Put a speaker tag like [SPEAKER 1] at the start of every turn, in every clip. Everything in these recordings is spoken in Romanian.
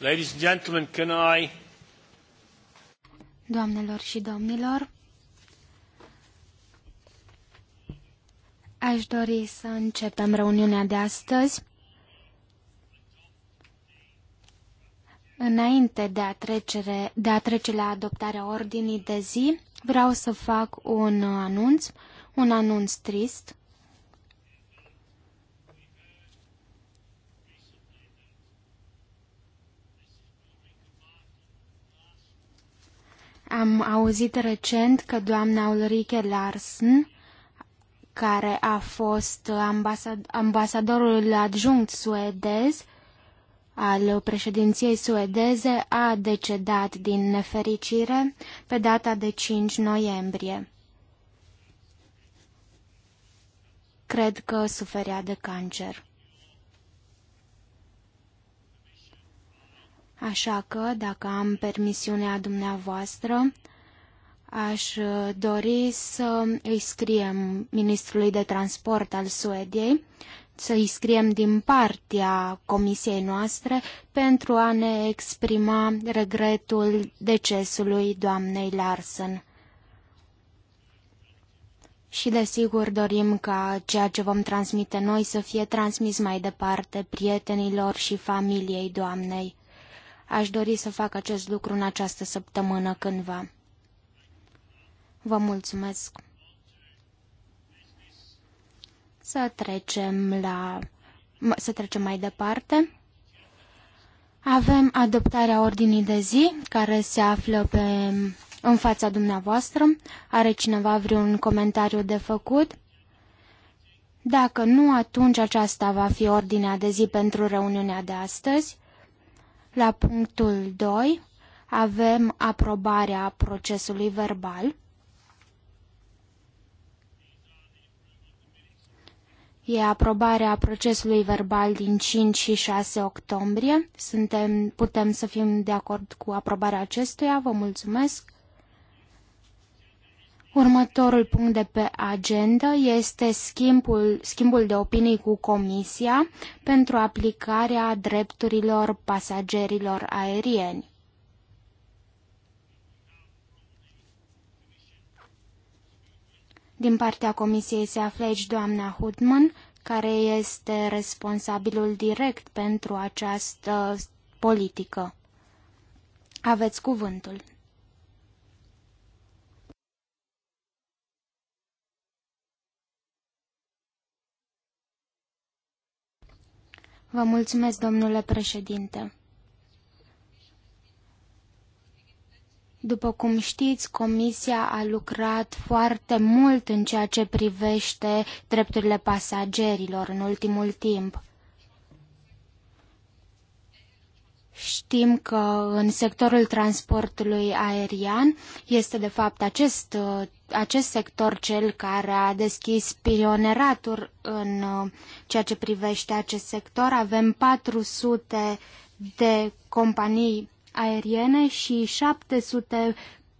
[SPEAKER 1] Ladies and gentlemen, can I... Doamnelor și domnilor, aș dori să începem reuniunea de astăzi. Înainte de a, trecere, de a trece la adoptarea ordinii de zi, vreau să fac un anunț, un anunț trist. Am auzit recent că doamna Ulrike Larsen, care a fost ambasad ambasadorul adjunct suedez al președinției suedeze, a decedat din nefericire pe data de 5 noiembrie. Cred că suferea de cancer. Așa că, dacă am permisiunea dumneavoastră, aș uh, dori să îi scriem Ministrului de Transport al Suediei, să îi scriem din partea comisiei noastre pentru a ne exprima regretul decesului doamnei Larsen. Și desigur dorim ca ceea ce vom transmite noi să fie transmis mai departe prietenilor și familiei doamnei. Aș dori să fac acest lucru în această săptămână cândva. Vă mulțumesc. Să trecem la... Să trecem mai departe. Avem adoptarea ordinii de zi, care se află pe... în fața dumneavoastră. Are cineva vreun comentariu de făcut? Dacă nu, atunci aceasta va fi ordinea de zi pentru reuniunea de astăzi. La punctul 2 avem aprobarea procesului verbal. E aprobarea procesului verbal din 5 și 6 octombrie. Suntem, putem să fim de acord cu aprobarea acestuia. Vă mulțumesc. Următorul punct de pe agenda este schimbul, schimbul de opinii cu Comisia pentru aplicarea drepturilor pasagerilor aerieni. Din partea Comisiei se află aici doamna Hudman, care este responsabilul direct pentru această politică. Aveți cuvântul. Vă mulțumesc, domnule președinte. După cum știți, Comisia a lucrat foarte mult în ceea ce privește drepturile pasagerilor în ultimul timp. Știm că în sectorul transportului aerian este de fapt acest uh, acest sector cel care a deschis pionieratul în uh, ceea ce privește acest sector. Avem 400 de companii aeriene și 700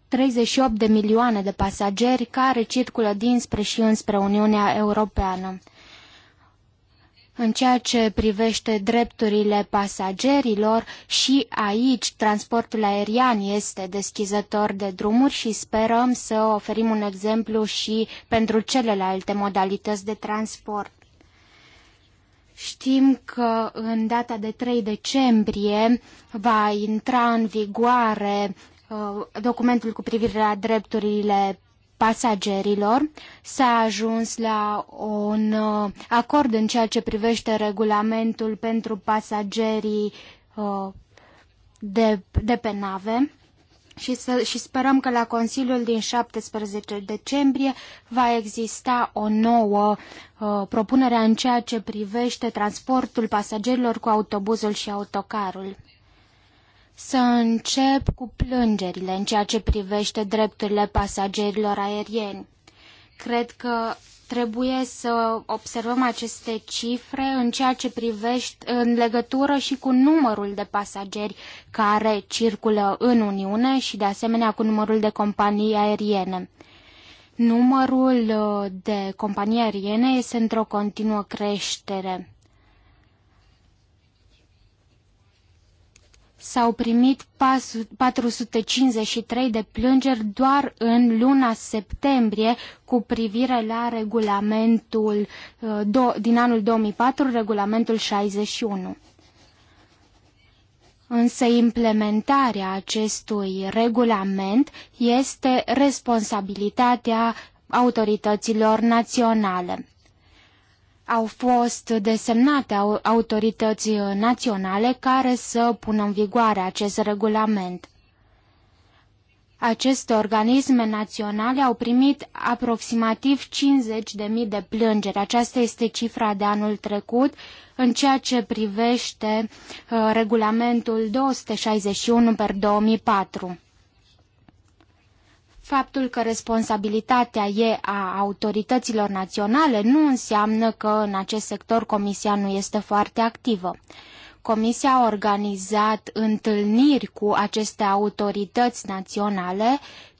[SPEAKER 1] 38 de milioane de pasageri care circulă dinspre și înspre Uniunea Europeană. În ceea ce privește drepturile pasagerilor, și aici transportul aerian este deschizător de drumuri și sperăm să oferim un exemplu și pentru celelalte modalități de transport. Știm că în data de 3 decembrie va intra în vigoare uh, documentul cu privire la drepturile pasagerilor. S-a ajuns la un uh, acord în ceea ce privește regulamentul pentru pasagerii uh, de, de pe nave și, să, și sperăm că la Consiliul din 17 decembrie va exista o nouă uh, propunere în ceea ce privește transportul pasagerilor cu autobuzul și autocarul. Să încep cu plângerile în ceea ce privește drepturile pasagerilor aerieni. Cred că trebuie să observăm aceste cifre în ceea ce privește în legătură și cu numărul de pasageri care circulă în Uniune și de asemenea cu numărul de companii aeriene. Numărul uh, de companii aeriene este într-o continuă creștere. s-au primit 453 de plângeri doar în luna septembrie cu privire la regulamentul uh, din anul 2004, regulamentul 61. Însă implementarea acestui regulament este responsabilitatea autorităților naționale au fost desemnate autorități naționale care să pună în vigoare acest regulament. Aceste organisme naționale au primit aproximativ 50.000 de plângeri. Aceasta este cifra de anul trecut în ceea ce privește uh, regulamentul 261 per 2004. Faptul că responsabilitatea e a autorităților naționale nu înseamnă că în acest sector Comisia nu este foarte activă. Comisia a organizat întâlniri cu aceste autorități naționale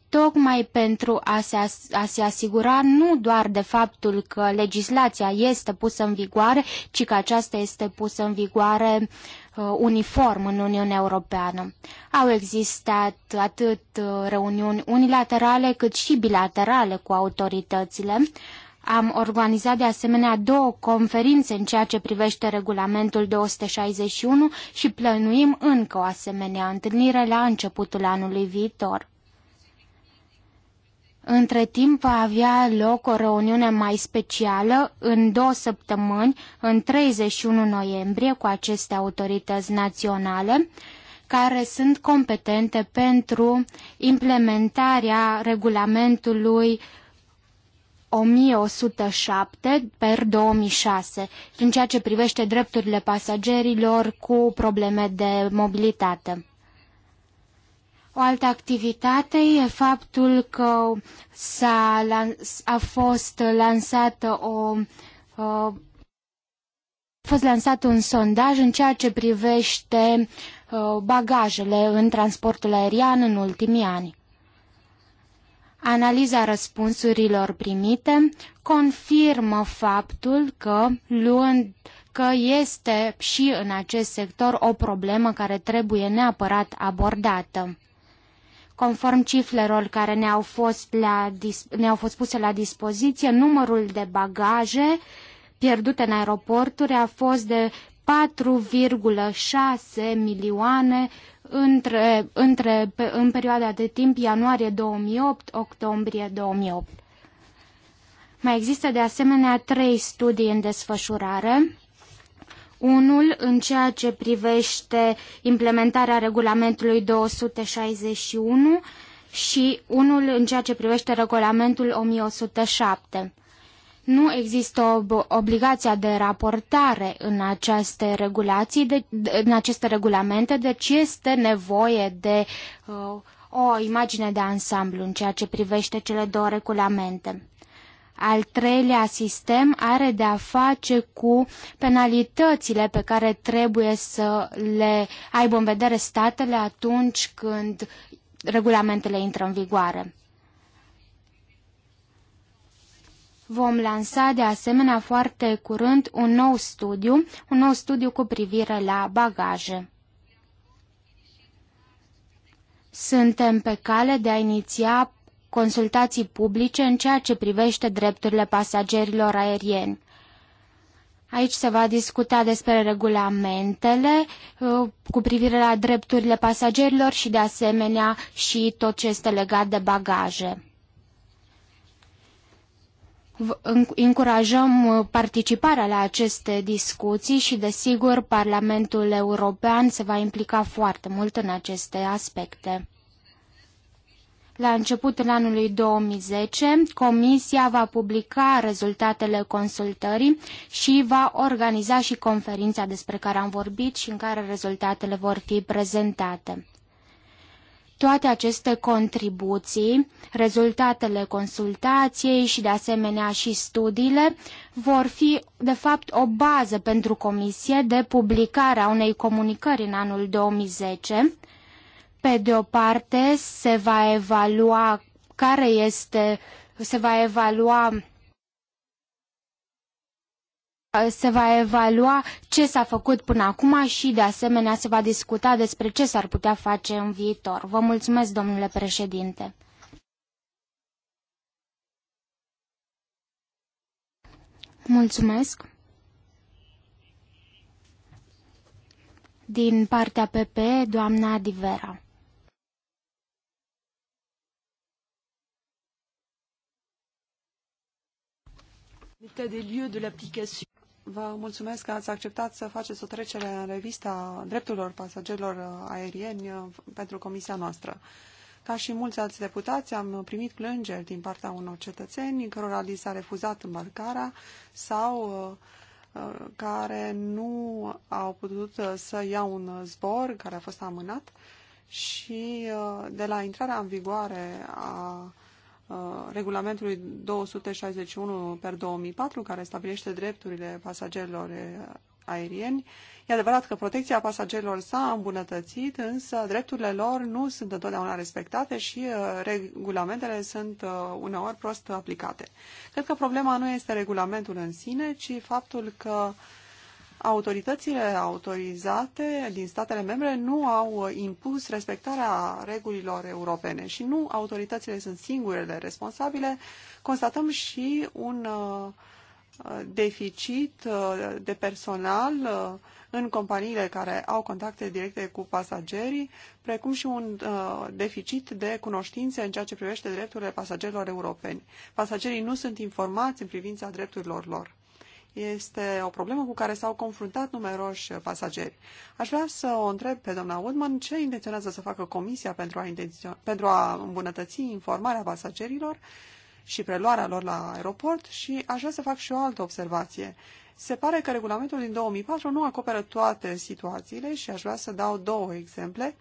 [SPEAKER 1] tocmai pentru a se, a se asigura nu doar de faptul că legislația este pusă în vigoare, ci că aceasta este pusă în vigoare Uh, uniform în Uniunea Europeană. Au existat atât uh, reuniuni unilaterale cât și bilaterale cu autoritățile. Am organizat de asemenea două conferințe în ceea ce privește regulamentul 261 și plănuim încă o asemenea întâlnire la începutul anului viitor. Între timp va avea loc o reuniune mai specială în două săptămâni, în 31 noiembrie, cu aceste autorități naționale, care sunt competente pentru implementarea regulamentului 1107 per 2006 în ceea ce privește drepturile pasagerilor cu probleme de mobilitate. O altă activitate e faptul că s-a, a fost lansată o uh, a fost lansat un sondaj în ceea ce privește uh, bagajele în transportul aerian în ultimii ani. Analiza răspunsurilor primite confirmă faptul că luând că este și în acest sector o problemă care trebuie neapărat abordată. Conform cifrelor care ne-au fost, la, ne-au fost puse la dispoziție, numărul de bagaje pierdute în aeroporturi a fost de 4,6 milioane între, între, pe, în perioada de timp ianuarie 2008-octombrie 2008. Mai există de asemenea trei studii în desfășurare unul în ceea ce privește implementarea regulamentului 261 și unul în ceea ce privește regulamentul 1107. Nu există ob obligația de raportare în aceste, regulații de, în aceste regulamente, deci este nevoie de uh, o imagine de ansamblu în ceea ce privește cele două regulamente. Al treilea sistem are de a face cu penalitățile pe care trebuie să le aibă în vedere statele atunci când regulamentele intră în vigoare. Vom lansa de asemenea foarte curând un nou studiu, un nou studiu cu privire la bagaje. Suntem pe cale de a iniția consultații publice în ceea ce privește drepturile pasagerilor aerieni. Aici se va discuta despre regulamentele uh, cu privire la drepturile pasagerilor și de asemenea și tot ce este legat de bagaje. Încurajăm uh, participarea la aceste discuții și, desigur, Parlamentul European se va implica foarte mult în aceste aspecte. La începutul anului 2010, Comisia va publica rezultatele consultării și va organiza și conferința despre care am vorbit și în care rezultatele vor fi prezentate. Toate aceste contribuții, rezultatele consultației și de asemenea și studiile vor fi de fapt o bază pentru Comisie de publicare a unei comunicări în anul 2010 pe de o parte, se va evalua care este, se va evalua se va evalua ce s-a făcut până acum și, de asemenea, se va discuta despre ce s-ar putea face în viitor. Vă mulțumesc, domnule președinte. Mulțumesc. Din partea PP, doamna Divera.
[SPEAKER 2] Vă mulțumesc că ați acceptat să faceți o trecere în revista drepturilor pasagerilor aerieni uh, pentru comisia noastră. Ca și mulți alți deputați, am primit plângeri din partea unor cetățeni cărora li s-a refuzat îmbarcarea sau uh, uh, care nu au putut să ia un zbor care a fost amânat și de la intrarea în vigoare a Uh, regulamentului 261 per 2004, care stabilește drepturile pasagerilor uh, aerieni. E adevărat că protecția pasagerilor s-a îmbunătățit, însă drepturile lor nu sunt întotdeauna respectate și uh, regulamentele sunt uneori prost aplicate. Cred că problema nu este regulamentul în sine, ci faptul că uh, autoritățile autorizate din statele membre nu au impus respectarea regulilor europene și nu autoritățile sunt singurele responsabile, constatăm și un uh, deficit uh, de personal uh, în companiile care au contacte directe cu pasagerii, precum și un deficit de cunoștințe în ceea ce privește drepturile pasagerilor europeni. Pasagerii nu sunt informați în privința drepturilor lor este o problemă cu care s-au confruntat numeroși pasageri. Aș vrea să o întreb pe doamna Woodman ce intenționează să facă Comisia pentru a, pentru a îmbunătăți informarea pasagerilor și preluarea lor la aeroport și aș vrea să fac și o altă observație. Se pare că regulamentul din 2004 nu acoperă toate situațiile și aș vrea să dau două exemple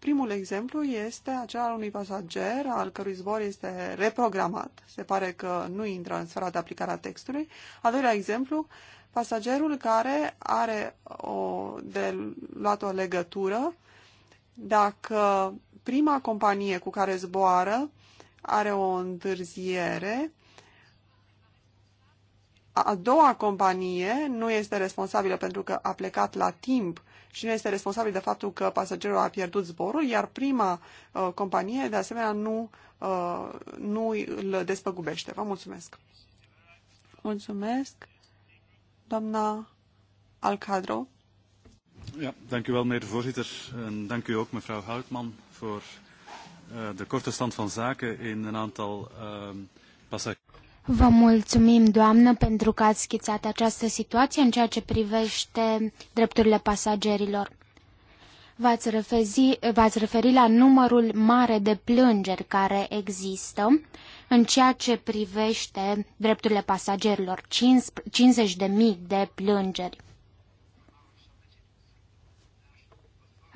[SPEAKER 2] Primul exemplu este acela al unui pasager al cărui zbor este reprogramat. Se pare că nu intră în sfera de aplicare a textului. Al doilea exemplu, pasagerul care are o, de luat o legătură dacă prima companie cu care zboară are o întârziere, a doua companie nu este responsabilă pentru că a plecat la timp Cine este responsabil de faptul că pasagerul a pierdut zborul, iar prima uh, companie, de asemenea, nu, uh, nu îl despăgubește. Vă mulțumesc! Mulțumesc, doamna Alcadro.
[SPEAKER 1] Ja, dank u wel, meneer de voorzitter. En dank u ook, mevrouw Houtman, voor uh, de korte stand van zaken in een aantal uh, passagiers. Vă mulțumim, doamnă, pentru că ați schițat această situație în ceea ce privește drepturile pasagerilor. V-ați referit, referi la numărul mare de plângeri care există în ceea ce privește drepturile pasagerilor, 50.000 de plângeri.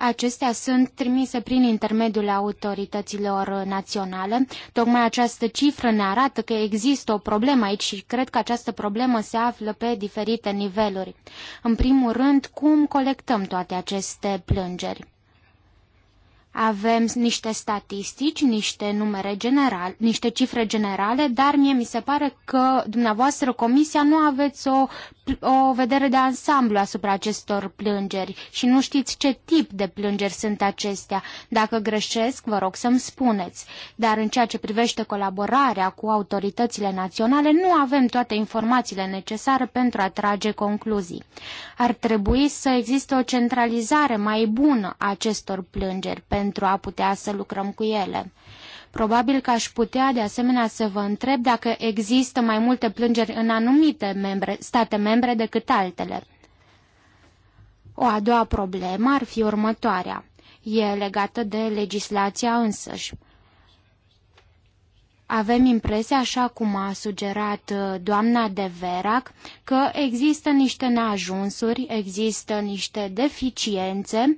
[SPEAKER 1] Acestea sunt trimise prin intermediul autorităților naționale. Tocmai această cifră ne arată că există o problemă aici și cred că această problemă se află pe diferite niveluri. În primul rând, cum colectăm toate aceste plângeri? Avem niște statistici, niște numere generale, niște cifre generale, dar mie mi se pare că dumneavoastră, comisia, nu aveți o, o vedere de ansamblu asupra acestor plângeri și nu știți ce tip de plângeri sunt acestea. Dacă greșesc, vă rog să-mi spuneți. Dar în ceea ce privește colaborarea cu autoritățile naționale, nu avem toate informațiile necesare pentru a trage concluzii. Ar trebui să existe o centralizare mai bună a acestor plângeri, pentru pentru a putea să lucrăm cu ele. Probabil că aș putea de asemenea să vă întreb dacă există mai multe plângeri în anumite membre, state membre decât altele. O a doua problemă ar fi următoarea. E legată de legislația însăși. Avem impresia, așa cum a sugerat uh, doamna de Verac, că există niște neajunsuri, există niște deficiențe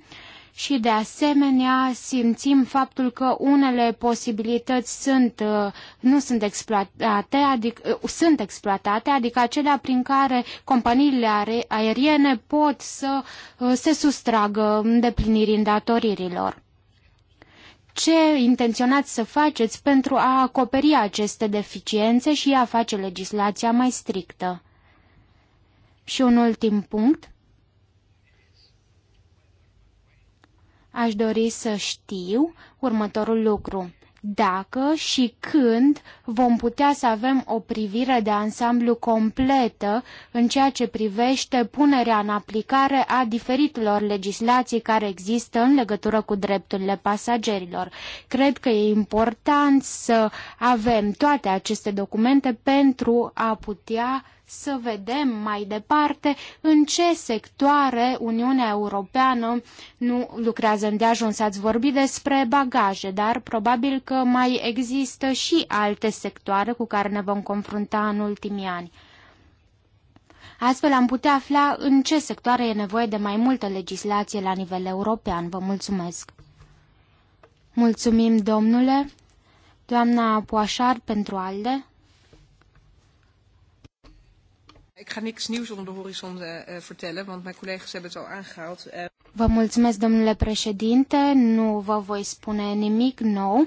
[SPEAKER 1] și de asemenea simțim faptul că unele posibilități sunt, uh, nu sunt exploatate, adică, sunt exploatate, adică acelea prin care companiile aeriene pot să uh, se sustragă îndeplinirii îndatoririlor. Ce intenționați să faceți pentru a acoperi aceste deficiențe și a face legislația mai strictă? Și un ultim punct. Aș dori să știu următorul lucru. Dacă și când vom putea să avem o privire de ansamblu completă în ceea ce privește punerea în aplicare a diferitelor legislații care există în legătură cu drepturile pasagerilor. Cred că e important să avem toate aceste documente pentru a putea să vedem mai departe în ce sectoare Uniunea Europeană nu lucrează îndeajuns. Ați vorbit despre bagaje, dar probabil că mai există și alte sectoare cu care ne vom confrunta în ultimii ani. Astfel am putea afla în ce sectoare e nevoie de mai multă legislație la nivel european. Vă mulțumesc! Mulțumim, domnule! Doamna Poașar pentru ALDE.
[SPEAKER 2] Ik ga niks nieuws onder de horizon uh, vertellen, want mijn collega's hebben het al aangehaald. Uh...
[SPEAKER 1] Vă mulțumesc, domnule președinte. Nu vă voi spune nimic nou.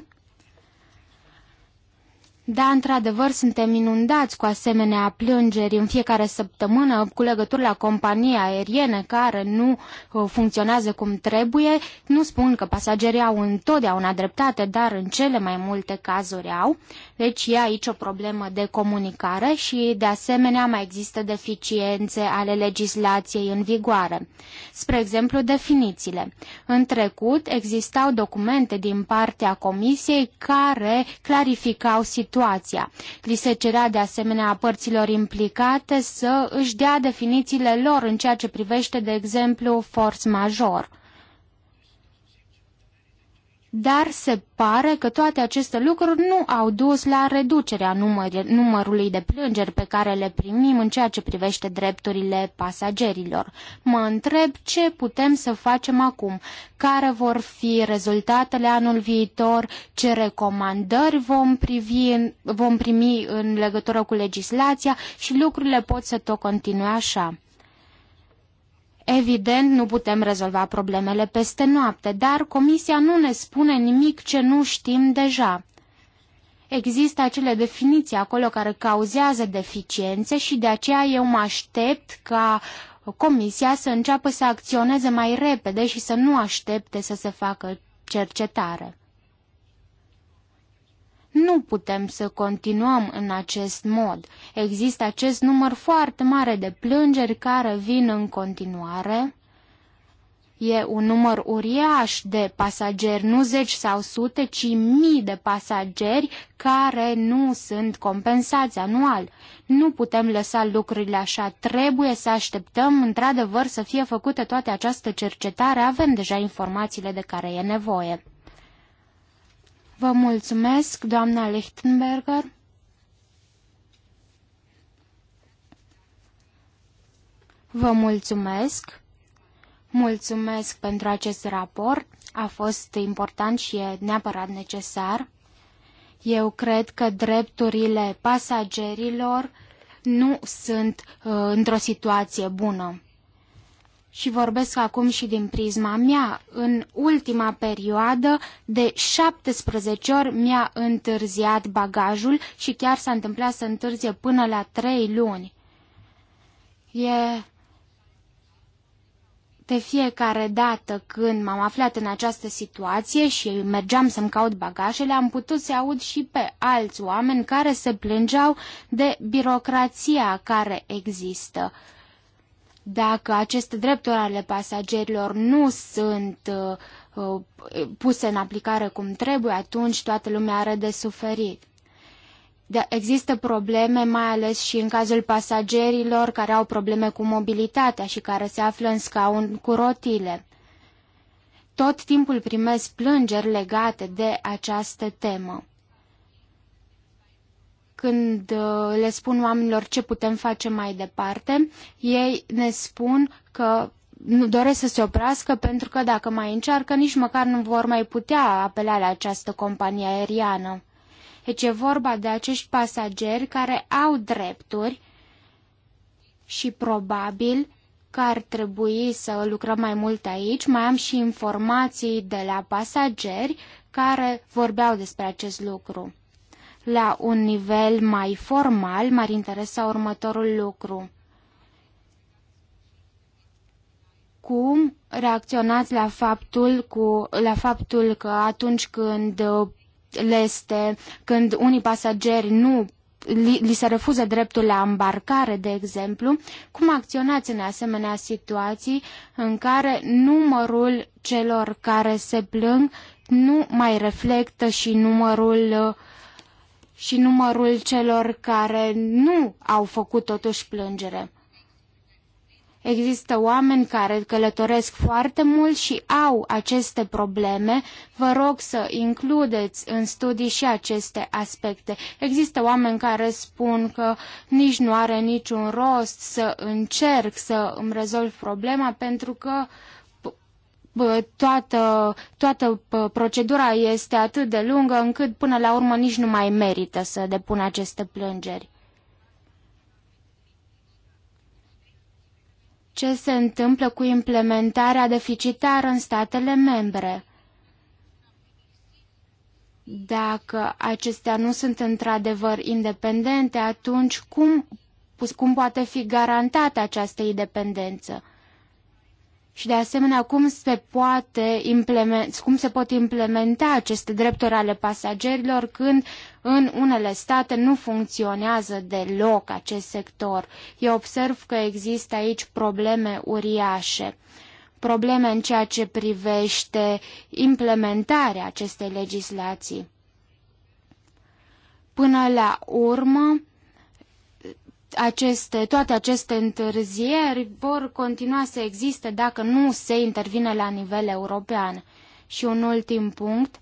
[SPEAKER 1] Da, într-adevăr, suntem inundați cu asemenea plângeri în fiecare săptămână cu legături la companii aeriene care nu uh, funcționează cum trebuie. Nu spun că pasagerii au întotdeauna dreptate, dar în cele mai multe cazuri au. Deci e aici o problemă de comunicare și, de asemenea, mai există deficiențe ale legislației în vigoare. Spre exemplu, definițiile. În trecut existau documente din partea Comisiei care clarificau situația situația. Li se cerea de asemenea părților implicate să își dea definițiile lor în ceea ce privește, de exemplu, forț major dar se pare că toate aceste lucruri nu au dus la reducerea număr numărului de plângeri pe care le primim în ceea ce privește drepturile pasagerilor. Mă întreb ce putem să facem acum, care vor fi rezultatele anul viitor, ce recomandări vom, privi, vom primi în legătură cu legislația și lucrurile pot să tot continue așa. Evident, nu putem rezolva problemele peste noapte, dar Comisia nu ne spune nimic ce nu știm deja. Există acele definiții acolo care cauzează deficiențe și de aceea eu mă aștept ca Comisia să înceapă să acționeze mai repede și să nu aștepte să se facă cercetare. Nu putem să continuăm în acest mod. Există acest număr foarte mare de plângeri care vin în continuare. E un număr uriaș de pasageri, nu zeci sau sute, ci mii de pasageri care nu sunt compensați anual. Nu putem lăsa lucrurile așa, trebuie să așteptăm într-adevăr să fie făcută toate această cercetare, avem deja informațiile de care e nevoie. Vă mulțumesc, doamna Lichtenberger. Vă mulțumesc. Mulțumesc pentru acest raport. A fost important și e neapărat necesar. Eu cred că drepturile pasagerilor nu sunt uh, într-o situație bună și vorbesc acum și din prisma mea, în ultima perioadă de 17 ori mi-a întârziat bagajul și chiar s-a întâmplat să întârzie până la 3 luni. E de fiecare dată când m-am aflat în această situație și mergeam să-mi caut bagajele, am putut să aud și pe alți oameni care se plângeau de birocrația care există. Dacă aceste drepturi ale pasagerilor nu sunt uh, uh, puse în aplicare cum trebuie, atunci toată lumea are de suferit. De da, există probleme, mai ales și în cazul pasagerilor care au probleme cu mobilitatea și care se află în scaun cu rotile. Tot timpul primesc plângeri legate de această temă când uh, le spun oamenilor ce putem face mai departe, ei ne spun că nu doresc să se oprească pentru că dacă mai încearcă, nici măcar nu vor mai putea apela la această companie aeriană. Deci e vorba de acești pasageri care au drepturi și probabil că ar trebui să lucrăm mai mult aici. Mai am și informații de la pasageri care vorbeau despre acest lucru. La un nivel mai formal, m-ar interesa următorul lucru. Cum reacționați la faptul, cu, la faptul că atunci când uh, leste, când unii pasageri nu li, li se refuză dreptul la îmbarcare, de exemplu, cum acționați în asemenea situații în care numărul celor care se plâng nu mai reflectă și numărul uh, și numărul celor care nu au făcut totuși plângere. Există oameni care călătoresc foarte mult și au aceste probleme. Vă rog să includeți în studii și aceste aspecte. Există oameni care spun că nici nu are niciun rost să încerc să îmi rezolv problema pentru că uh, toată, toată procedura este atât de lungă încât până la urmă nici nu mai merită să depună aceste plângeri. Ce se întâmplă cu implementarea deficitară în statele membre? Dacă acestea nu sunt într-adevăr independente, atunci cum, cum poate fi garantată această independență? și de asemenea cum se, poate cum se pot implementa aceste drepturi ale pasagerilor când în unele state nu funcționează deloc acest sector. Eu observ că există aici probleme uriașe probleme în ceea ce privește implementarea acestei legislații. Până la urmă, aceste, toate aceste întârzieri vor continua să existe dacă nu se intervine la nivel european. Și un ultim punct,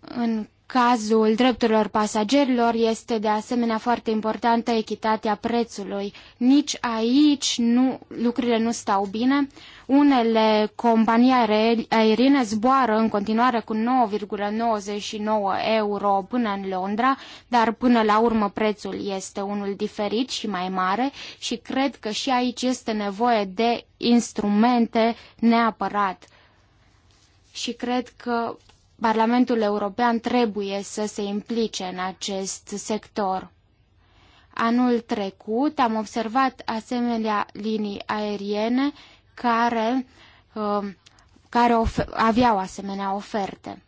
[SPEAKER 1] în cazul drepturilor pasagerilor este de asemenea foarte importantă echitatea prețului. Nici aici nu, lucrurile nu stau bine. Uh, unele companii aeriene zboară în continuare cu 9,99 euro până în Londra, dar până la urmă prețul este unul diferit și mai mare și cred că și aici este nevoie de instrumente neapărat. Și cred că Parlamentul European trebuie să se implice în acest sector. Anul trecut am observat asemenea linii aeriene care, uh, care aveau asemenea oferte.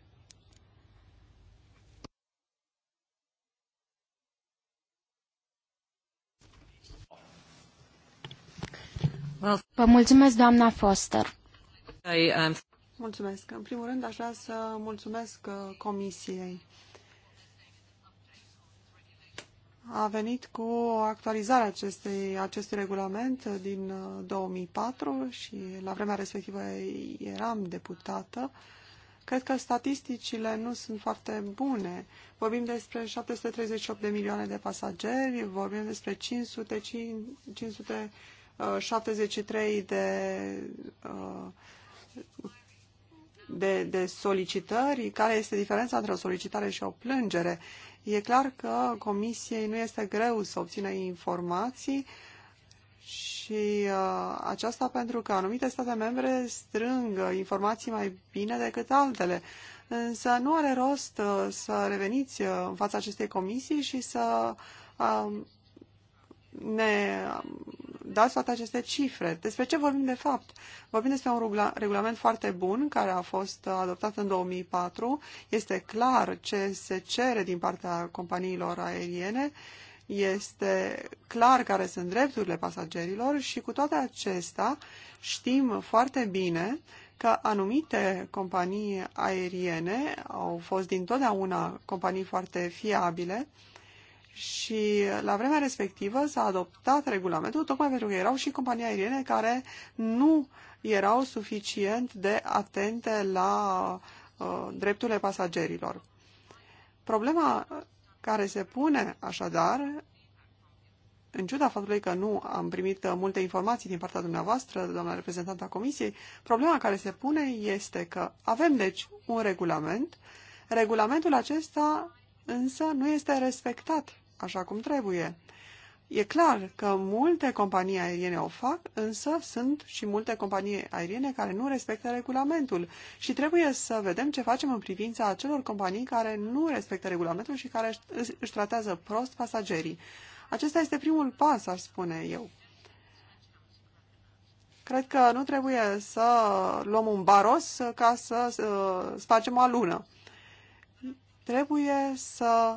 [SPEAKER 1] Vă mulțumesc, doamna Foster.
[SPEAKER 3] Um,
[SPEAKER 2] mulțumesc. În primul rând, aș vrea să mulțumesc uh, Comisiei. a venit cu actualizarea acestei, acestui regulament din 2004 uh, și la vremea respectivă eram deputată. Cred că statisticile nu sunt foarte bune. Vorbim despre 738 de milioane de pasageri, vorbim despre 500, 573 uh, de, uh, de, de solicitări. Care este diferența între o solicitare și o plângere? E clar că comisiei nu este greu să obțină informații și uh, aceasta pentru că anumite state membre strâng informații mai bine decât altele. Însă nu are rost uh, să reveniți uh, în fața acestei comisii și să uh, ne dați toate aceste cifre. Despre ce vorbim de fapt? Vorbim despre un regulament foarte bun care a fost adoptat în 2004. Este clar ce se cere din partea companiilor aeriene. Este clar care sunt drepturile pasagerilor și cu toate acestea știm foarte bine că anumite companii aeriene au fost dintotdeauna companii foarte fiabile și la vremea respectivă s-a adoptat regulamentul tocmai pentru că erau și companii aeriene care nu erau suficient de atente la uh, drepturile pasagerilor. Problema care se pune așadar, în ciuda faptului că nu am primit uh, multe informații din partea dumneavoastră, doamna reprezentantă a Comisiei, problema care se pune este că avem deci un regulament, regulamentul acesta însă nu este respectat așa cum trebuie. E clar că multe companii aeriene o fac, însă sunt și multe companii aeriene care nu respectă regulamentul și trebuie să vedem ce facem în privința acelor companii care nu respectă regulamentul și care își tratează prost pasagerii. Acesta este primul pas, aș spune eu. Cred că nu trebuie să luăm un baros ca să spargem o lună. Trebuie să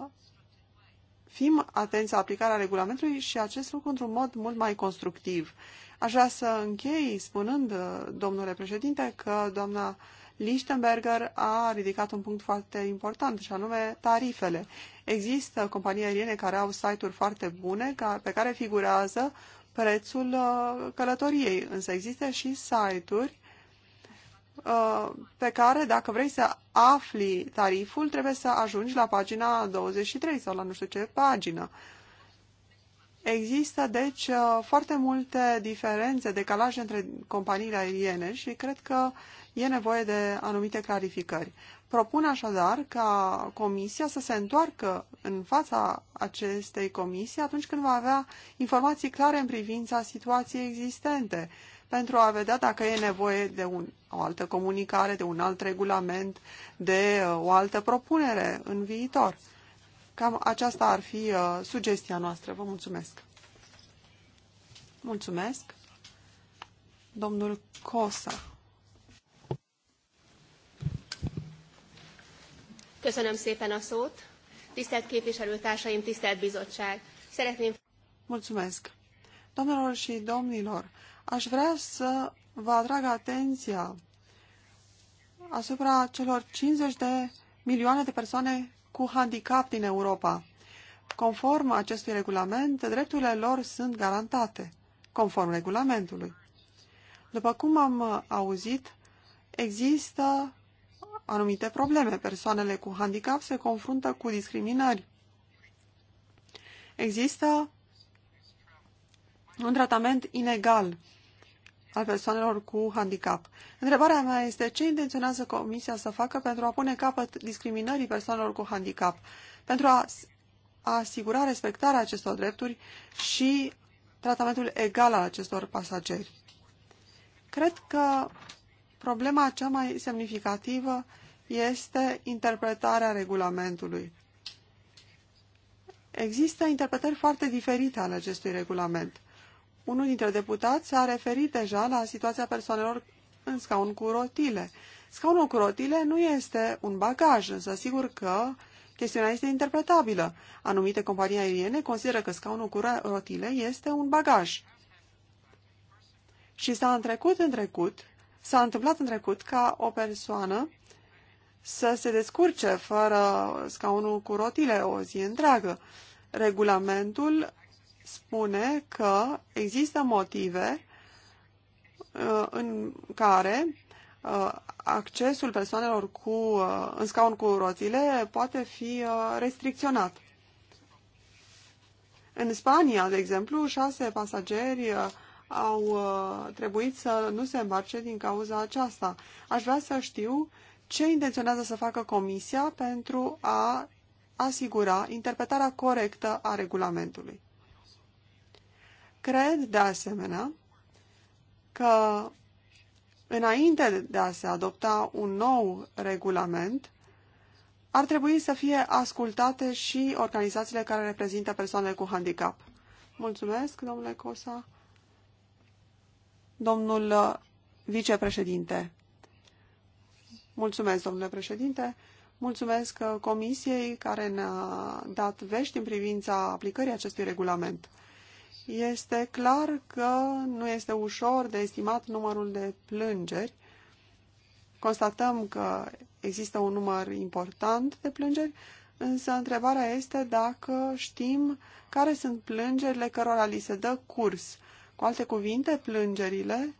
[SPEAKER 2] fim atenți la aplicarea regulamentului și acest lucru într-un mod mult mai constructiv. Aș vrea să închei spunând, uh, domnule președinte, că doamna Lichtenberger a ridicat un punct foarte important, și anume tarifele. Există companii aeriene care au site-uri foarte bune pe care figurează prețul uh, călătoriei, însă există și site-uri Uh, pe care, dacă vrei să afli tariful, trebuie să ajungi la pagina 23 sau la nu știu ce pagină. Există, deci, uh, foarte multe diferențe, decalaje între companiile aeriene și cred că e nevoie de anumite clarificări. Propun așadar ca comisia să se întoarcă în fața acestei comisii atunci când va avea informații clare în privința situației existente pentru a vedea dacă e nevoie de un, o altă comunicare, de un alt regulament, de uh, o altă propunere în viitor. Cam aceasta ar fi uh, sugestia noastră. Vă mulțumesc. Mulțumesc. Domnul Cosa.
[SPEAKER 3] Köszönöm szépen a szót.
[SPEAKER 1] Tisztelt képviselőtársaim, tisztelt bizottság! Szeretném...
[SPEAKER 2] Mulțumesc! Domnilor și domnilor, Aș vrea să vă atrag atenția asupra celor 50 de milioane de persoane cu handicap din Europa. Conform acestui regulament, drepturile lor sunt garantate, conform regulamentului. După cum am auzit, există anumite probleme. Persoanele cu handicap se confruntă cu discriminări. Există un tratament inegal al persoanelor cu handicap. Întrebarea mea este ce intenționează Comisia să facă pentru a pune capăt discriminării persoanelor cu handicap, pentru a asigura respectarea acestor drepturi și tratamentul egal al acestor pasageri. Cred că problema cea mai semnificativă este interpretarea regulamentului. Există interpretări foarte diferite ale acestui regulament. Unul dintre deputați s-a referit deja la situația persoanelor în scaun cu rotile. Scaunul cu rotile nu este un bagaj, însă sigur că chestiunea este interpretabilă. Anumite companii aeriene consideră că scaunul cu rotile este un bagaj. Și s-a întrecut, în trecut, s-a întâmplat în trecut ca o persoană să se descurce fără scaunul cu rotile o zi întreagă. Regulamentul spune că există motive uh, în care uh, accesul persoanelor cu, uh, în scaun cu roțile poate fi restricționat. În Spania, de exemplu, șase pasageri au trebuit să nu se îmbarce din cauza aceasta. Aș vrea să știu ce intenționează să facă Comisia pentru a asigura interpretarea corectă a regulamentului. Cred, de asemenea, că înainte de a se adopta un nou regulament, ar trebui să fie ascultate și organizațiile care reprezintă persoanele cu handicap. Mulțumesc, domnule Cosa. Domnul uh, vicepreședinte. Mulțumesc, domnule președinte. Mulțumesc uh, comisiei care ne-a dat vești în privința aplicării acestui regulament. Este clar că nu este ușor de estimat numărul de plângeri. Constatăm că există un număr important de plângeri, însă întrebarea este dacă știm care sunt plângerile cărora li se dă curs. Cu alte cuvinte, plângerile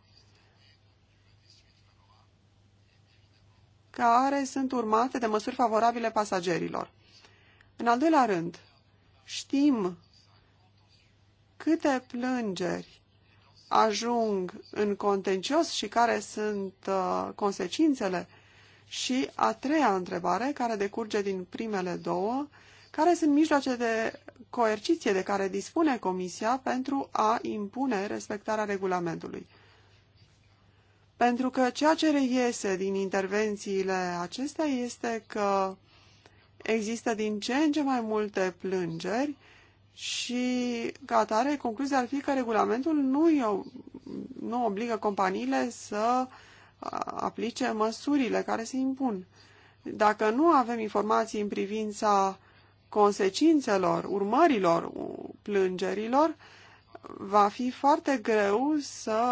[SPEAKER 2] care sunt urmate de măsuri favorabile pasagerilor. În al doilea rând, știm câte plângeri ajung în contencios și care sunt uh, consecințele. Și a treia întrebare, care decurge din primele două, care sunt mijloace de coerciție de care dispune Comisia pentru a impune respectarea regulamentului? Pentru că ceea ce reiese din intervențiile acestea este că există din ce în ce mai multe plângeri și, ca atare, concluzia ar fi că regulamentul nu, e, nu obligă companiile să aplice măsurile care se impun. Dacă nu avem informații în privința consecințelor, urmărilor plângerilor, va fi foarte greu să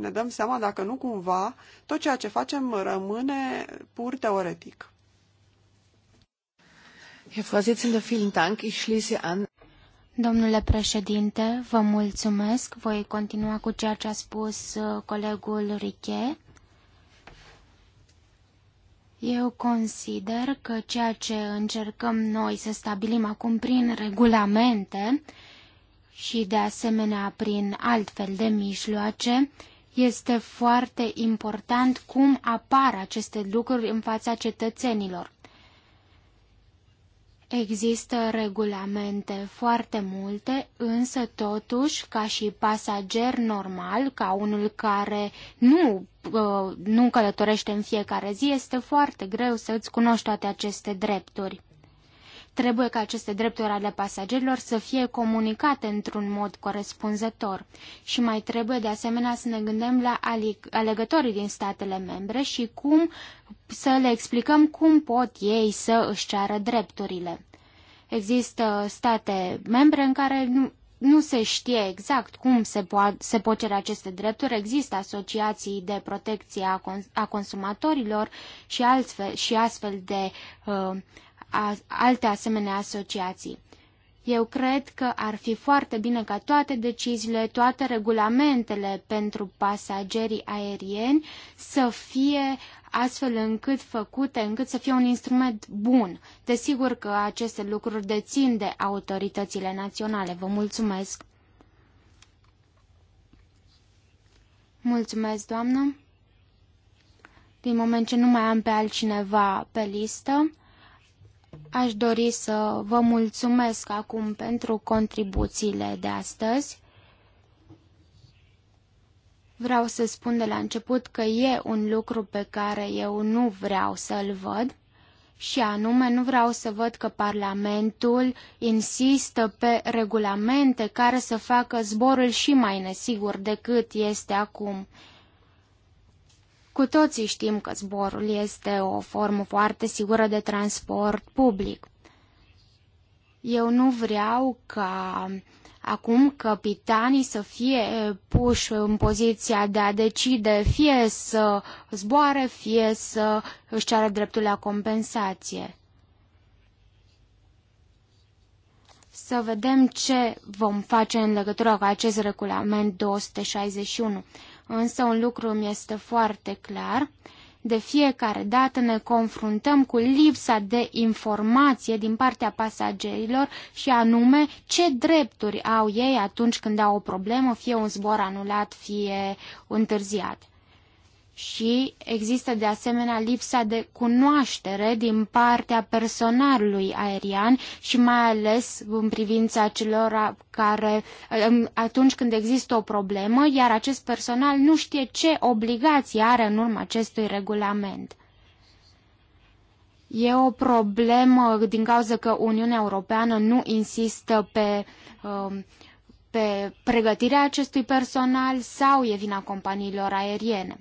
[SPEAKER 2] ne dăm seama dacă nu cumva tot ceea ce facem rămâne pur teoretic. Herr Vorsitzender, vielen
[SPEAKER 1] Dank. Ich schließe an. Domnule președinte, vă mulțumesc. Voi continua cu ceea ce a spus uh, colegul Riche. Eu consider că ceea ce încercăm noi să stabilim acum prin regulamente și de asemenea prin altfel de mijloace, este foarte important cum apar aceste lucruri în fața cetățenilor. Există regulamente foarte multe, însă totuși, ca și pasager normal, ca unul care nu, uh, nu călătorește în fiecare zi, este foarte greu să ți-ți cunoști toate aceste drepturi. Trebuie ca aceste drepturi ale pasagerilor să fie comunicate într-un mod corespunzător și mai trebuie de asemenea să ne gândim la alegătorii din statele membre și cum să le explicăm cum pot ei să își ceară drepturile. Există state membre în care nu, nu se știe exact cum se, poat, se pot cere aceste drepturi. Există asociații de protecție a, cons, a consumatorilor și, altfel, și astfel de uh, alte asemenea asociații. Eu cred că ar fi foarte bine ca toate deciziile, toate regulamentele pentru pasagerii aerieni să fie astfel încât făcute, încât să fie un instrument bun. Desigur că aceste lucruri dețin de autoritățile naționale. Vă mulțumesc! Mulțumesc, doamnă! Din moment ce nu mai am pe altcineva pe listă, Aș dori să vă mulțumesc acum pentru contribuțiile de astăzi. Vreau să spun de la început că e un lucru pe care eu nu vreau să-l văd și anume nu vreau să văd că Parlamentul insistă pe regulamente care să facă zborul și mai nesigur decât este acum. Cu toții știm că zborul este o formă foarte sigură de transport public. Eu nu vreau ca acum capitanii să fie puși în poziția de a decide fie să zboare, fie să își ceară dreptul la compensație. Să vedem ce vom face în legătură cu acest regulament 261. Însă un lucru mi este foarte clar. De fiecare dată ne confruntăm cu lipsa de informație din partea pasagerilor și anume ce drepturi au ei atunci când au o problemă, fie un zbor anulat, fie întârziat și există de asemenea lipsa de cunoaștere din partea personalului aerian și mai ales în privința celor care atunci când există o problemă, iar acest personal nu știe ce obligații are în urma acestui regulament. E o problemă din cauza că Uniunea Europeană nu insistă pe um, pe pregătirea acestui personal sau e vina companiilor aeriene.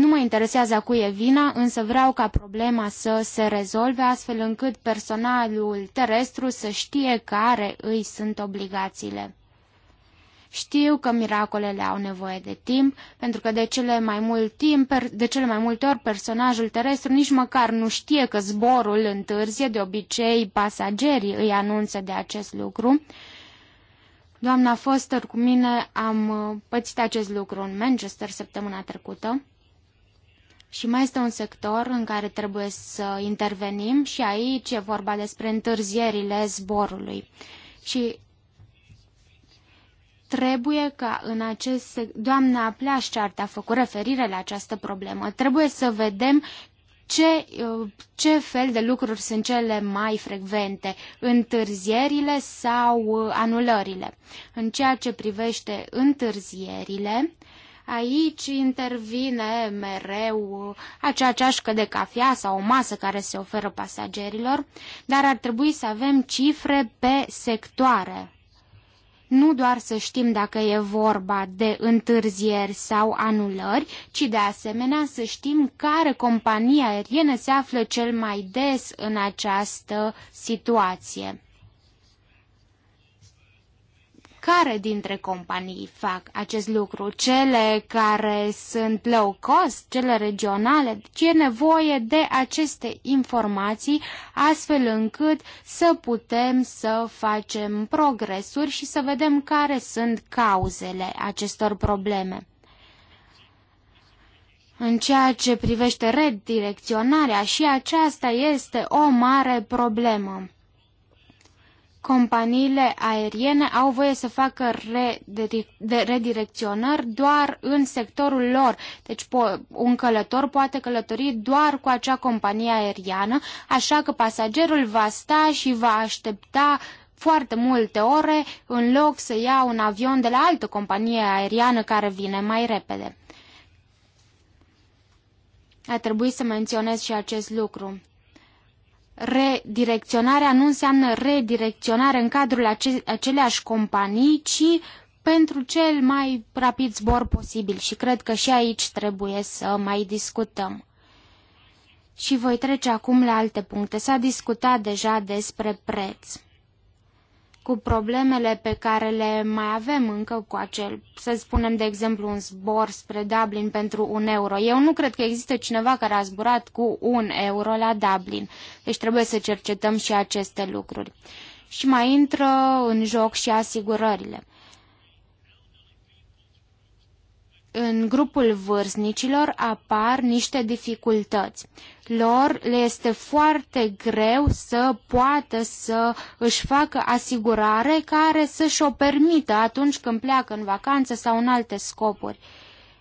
[SPEAKER 1] Nu mă interesează a cui e vina, însă vreau ca problema să se rezolve astfel încât personalul terestru să știe care îi sunt obligațiile. Știu că miracolele au nevoie de timp, pentru că de cele mai mult timp, de cele mai multe ori personajul terestru nici măcar nu știe că zborul întârzie, de obicei pasagerii îi anunță de acest lucru. Doamna Foster, cu mine am pățit acest lucru în Manchester săptămâna trecută. Și mai este un sector în care trebuie să intervenim și aici e vorba despre întârzierile zborului. Și trebuie ca în acest sector, doamna Pleașcearte a făcut referire la această problemă, trebuie să vedem ce, uh, ce fel de lucruri sunt cele mai frecvente, întârzierile sau uh, anulările. În ceea ce privește întârzierile, uh, Aici intervine mereu acea ceașcă de cafea sau o masă care se oferă pasagerilor, dar ar trebui să avem cifre pe sectoare. Nu doar să știm dacă e vorba de întârzieri sau anulări, ci de asemenea să știm care companie aeriene se află cel mai des în această situație. Care dintre companii fac acest lucru? Cele care sunt low cost, cele regionale? Deci e nevoie de aceste informații astfel încât să putem să facem progresuri și să vedem care sunt cauzele acestor probleme. În ceea ce privește redirecționarea, și aceasta este o mare problemă companiile aeriene au voie să facă redirecționări doar în sectorul lor. Deci un călător poate călători doar cu acea companie aeriană, așa că pasagerul va sta și va aștepta foarte multe ore în loc să ia un avion de la altă companie aeriană care vine mai repede. A trebuit să menționez și acest lucru. Redirecționarea nu înseamnă redirecționare în cadrul ace aceleași companii, ci pentru cel mai rapid zbor posibil și cred că și aici trebuie să mai discutăm. Și voi trece acum la alte puncte. S-a discutat deja despre preț cu problemele pe care le mai avem încă cu acel, să spunem, de exemplu, un zbor spre Dublin pentru un euro. Eu nu cred că există cineva care a zburat cu un euro la Dublin. Deci trebuie să cercetăm și aceste lucruri. Și mai intră în joc și asigurările. în grupul vârstnicilor apar niște dificultăți. Lor le este foarte greu să poată să își facă asigurare care să-și o permită atunci când pleacă în vacanță sau în alte scopuri.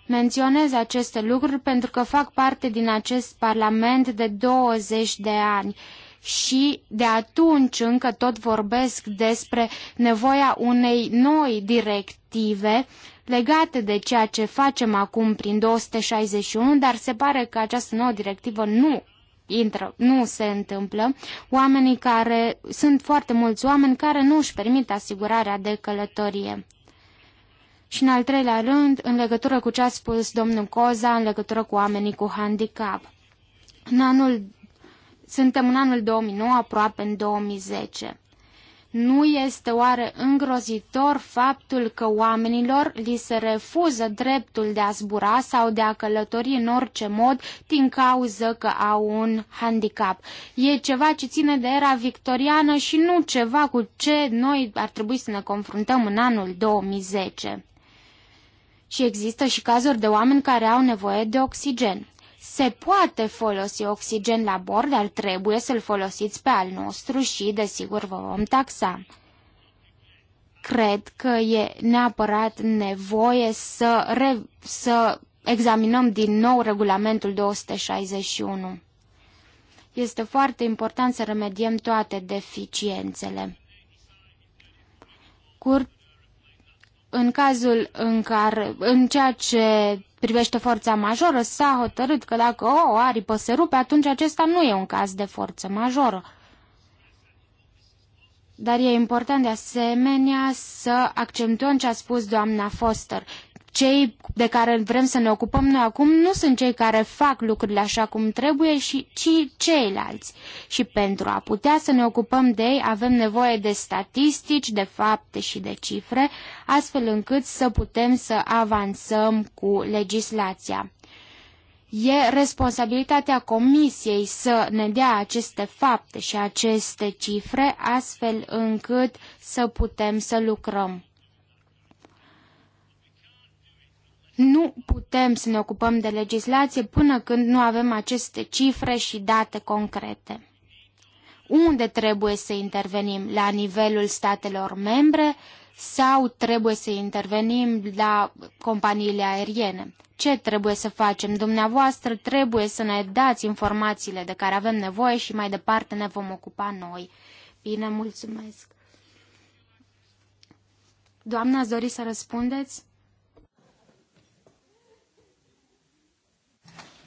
[SPEAKER 1] Menționez aceste lucruri pentru că fac parte din acest parlament de 20 de ani și de atunci încă tot vorbesc despre nevoia unei noi directive uh, legate de ceea ce facem acum prin 261, dar se pare că această nouă directivă nu intră, nu se întâmplă. Oamenii care, sunt foarte mulți oameni care nu își permit asigurarea de călătorie. Și în al treilea rând, în legătură cu ce a spus domnul Coza, în legătură cu oamenii cu handicap. În anul, suntem în anul 2009, aproape în 2010. Nu este oare îngrozitor faptul că oamenilor li se refuză dreptul de a zbura sau de a călători în orice mod din cauză că au un handicap? E ceva ce ține de era victoriană și nu ceva cu ce noi ar trebui să ne confruntăm în anul 2010. Și există și cazuri de oameni care au nevoie de oxigen. Se poate folosi oxigen la bord, dar trebuie să-l folosiți pe al nostru și, desigur, vă vom taxa. Cred că e neapărat nevoie să, re... să examinăm din nou regulamentul 261. Este foarte important să remediem toate deficiențele. Cur... în cazul în care, în ceea ce privește forța majoră, s-a hotărât că dacă o, o aripă se rupe, atunci acesta nu e un caz de forță majoră. Dar e important de asemenea să accentuăm ce a spus doamna Foster cei de care vrem să ne ocupăm noi acum nu sunt cei care fac lucrurile așa cum trebuie, și, ci ceilalți. Și pentru a putea să ne ocupăm de ei avem nevoie de statistici, de fapte și de cifre, astfel încât să putem să avansăm cu legislația. E responsabilitatea Comisiei să ne dea aceste fapte și aceste cifre, astfel încât să putem să lucrăm. Nu putem să ne ocupăm de legislație până când nu avem aceste cifre și date concrete. Unde trebuie să intervenim? La nivelul statelor membre sau trebuie să intervenim la companiile aeriene? Ce trebuie să facem? Dumneavoastră trebuie să ne dați informațiile de care avem nevoie și mai departe ne vom ocupa noi. Bine, mulțumesc. Doamna, ați dori să răspundeți?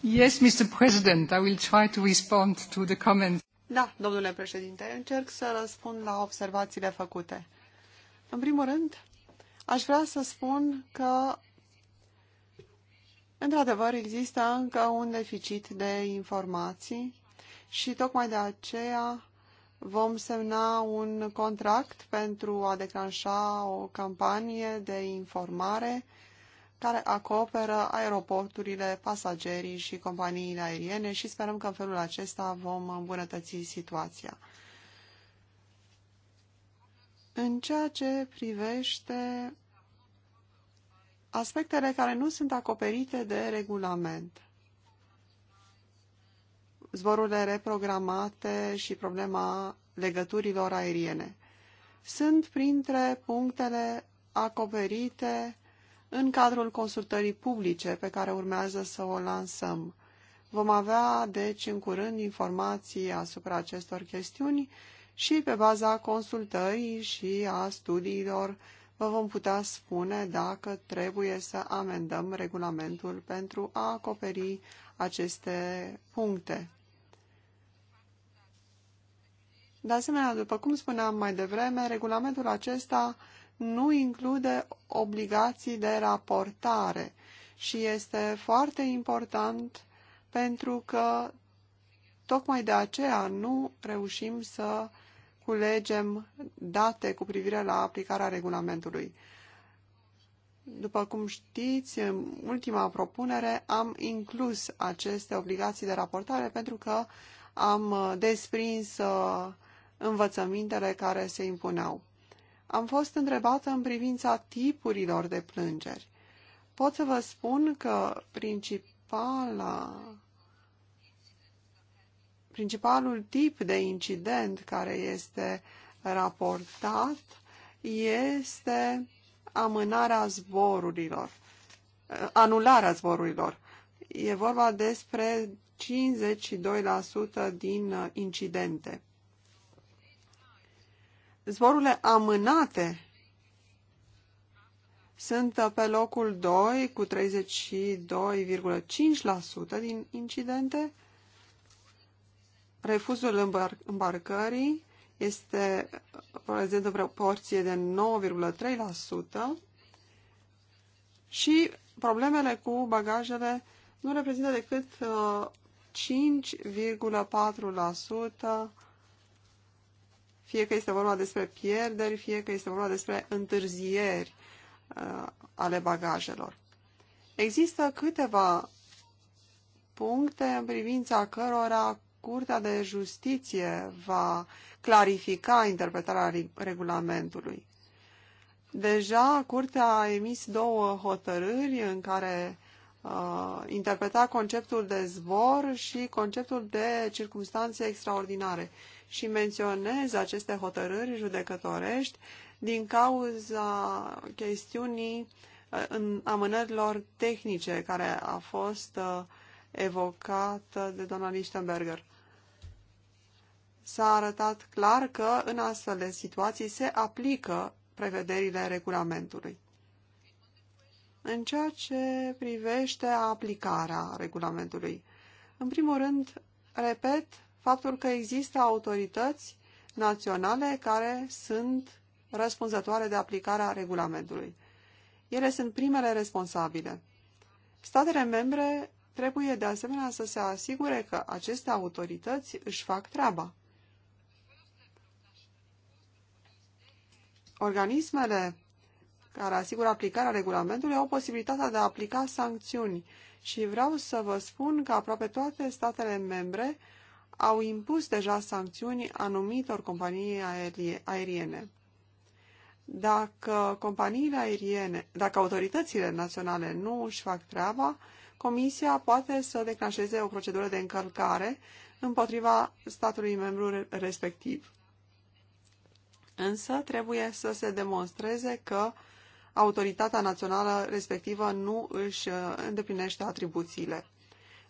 [SPEAKER 2] Yes, Mr. President, I will try to respond to the comments. Da, domnule președinte, încerc să răspund la observațiile făcute. În primul rând, aș vrea să spun că Într-adevăr, există încă un deficit de informații și tocmai de aceea vom semna un contract pentru a declanșa o campanie de informare care acoperă aeroporturile, pasagerii și companiile aeriene și sperăm că în felul acesta vom îmbunătăți situația. În ceea ce privește aspectele care nu sunt acoperite de regulament, zborurile reprogramate și problema legăturilor aeriene, sunt printre punctele acoperite în cadrul consultării publice pe care urmează să o lansăm. Vom avea, deci, în curând informații asupra acestor chestiuni și pe baza consultării și a studiilor vă vom putea spune dacă trebuie să amendăm regulamentul pentru a acoperi aceste puncte. De asemenea, după cum spuneam mai devreme, regulamentul acesta nu include obligații de raportare și este foarte important pentru că tocmai de aceea nu reușim să culegem date cu privire la aplicarea regulamentului. După cum știți, în ultima propunere am inclus aceste obligații de raportare pentru că am desprins uh, învățămintele care se impuneau. Am fost întrebată în privința tipurilor de plângeri. Pot să vă spun că principala, principalul tip de incident care este raportat este amânarea zborurilor, anularea zborurilor. E vorba despre 52% din incidente. Zborurile amânate sunt pe locul 2 cu 32,5% din incidente. Refuzul îmbar îmbarcării este prezent în proporție de 9,3% și problemele cu bagajele nu reprezintă decât 5,4% uh, fie că este vorba despre pierderi, fie că este vorba despre întârzieri uh, ale bagajelor. Există câteva puncte în privința cărora Curtea de Justiție va clarifica interpretarea regulamentului. Deja Curtea a emis două hotărâri în care uh, interpreta conceptul de zbor și conceptul de circunstanțe extraordinare. Uh, și menționez aceste hotărâri judecătorești din cauza chestiunii uh, în amânărilor tehnice care a fost uh, evocată de doamna Lichtenberger. S-a arătat clar că în astfel de situații se aplică prevederile regulamentului. În ceea ce privește aplicarea regulamentului, în primul rând, repet faptul că există autorități naționale care sunt răspunzătoare de aplicarea regulamentului. Ele sunt primele responsabile. Statele membre trebuie de asemenea să se asigure că aceste autorități își fac treaba. Organismele care asigură aplicarea regulamentului au posibilitatea de a aplica sancțiuni și vreau să vă spun că aproape toate statele membre au impus deja sancțiuni anumitor companii aeriene. Dacă companiile aeriene, dacă autoritățile naționale nu își fac treaba, Comisia poate să declanșeze o procedură de încălcare împotriva statului membru respectiv. Însă trebuie să se demonstreze că autoritatea națională respectivă nu își uh, îndeplinește atribuțiile.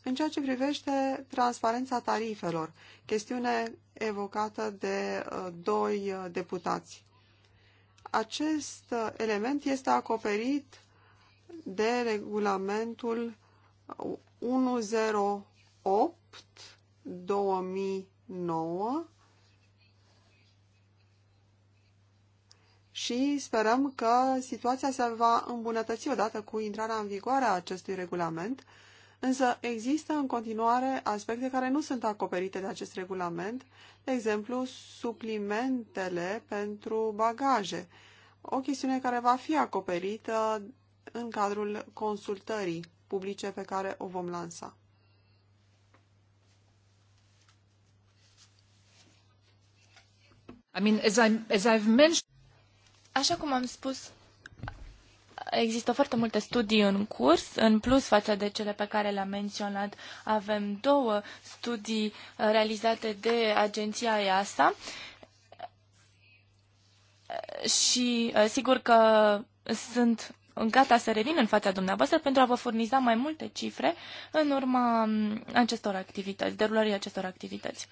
[SPEAKER 2] În ceea ce privește transparența tarifelor, chestiune evocată de uh, doi uh, deputați. Acest uh, element este acoperit de regulamentul 108 2009 și sperăm că situația se va îmbunătăți odată cu intrarea în vigoare a acestui regulament, însă există în continuare aspecte care nu sunt acoperite de acest regulament, de exemplu, suplimentele pentru bagaje, o chestiune care va fi acoperită în cadrul consultării publice pe care o vom lansa. I mean, as, I, as
[SPEAKER 3] I've mentioned... Așa cum am spus Există foarte multe studii în curs, în plus față de cele pe care le-am menționat. Avem două studii uh, realizate de agenția EASA și uh, sigur că sunt gata să revin în fața dumneavoastră pentru a vă furniza mai multe cifre în urma um, acestor activități, derulării acestor activități.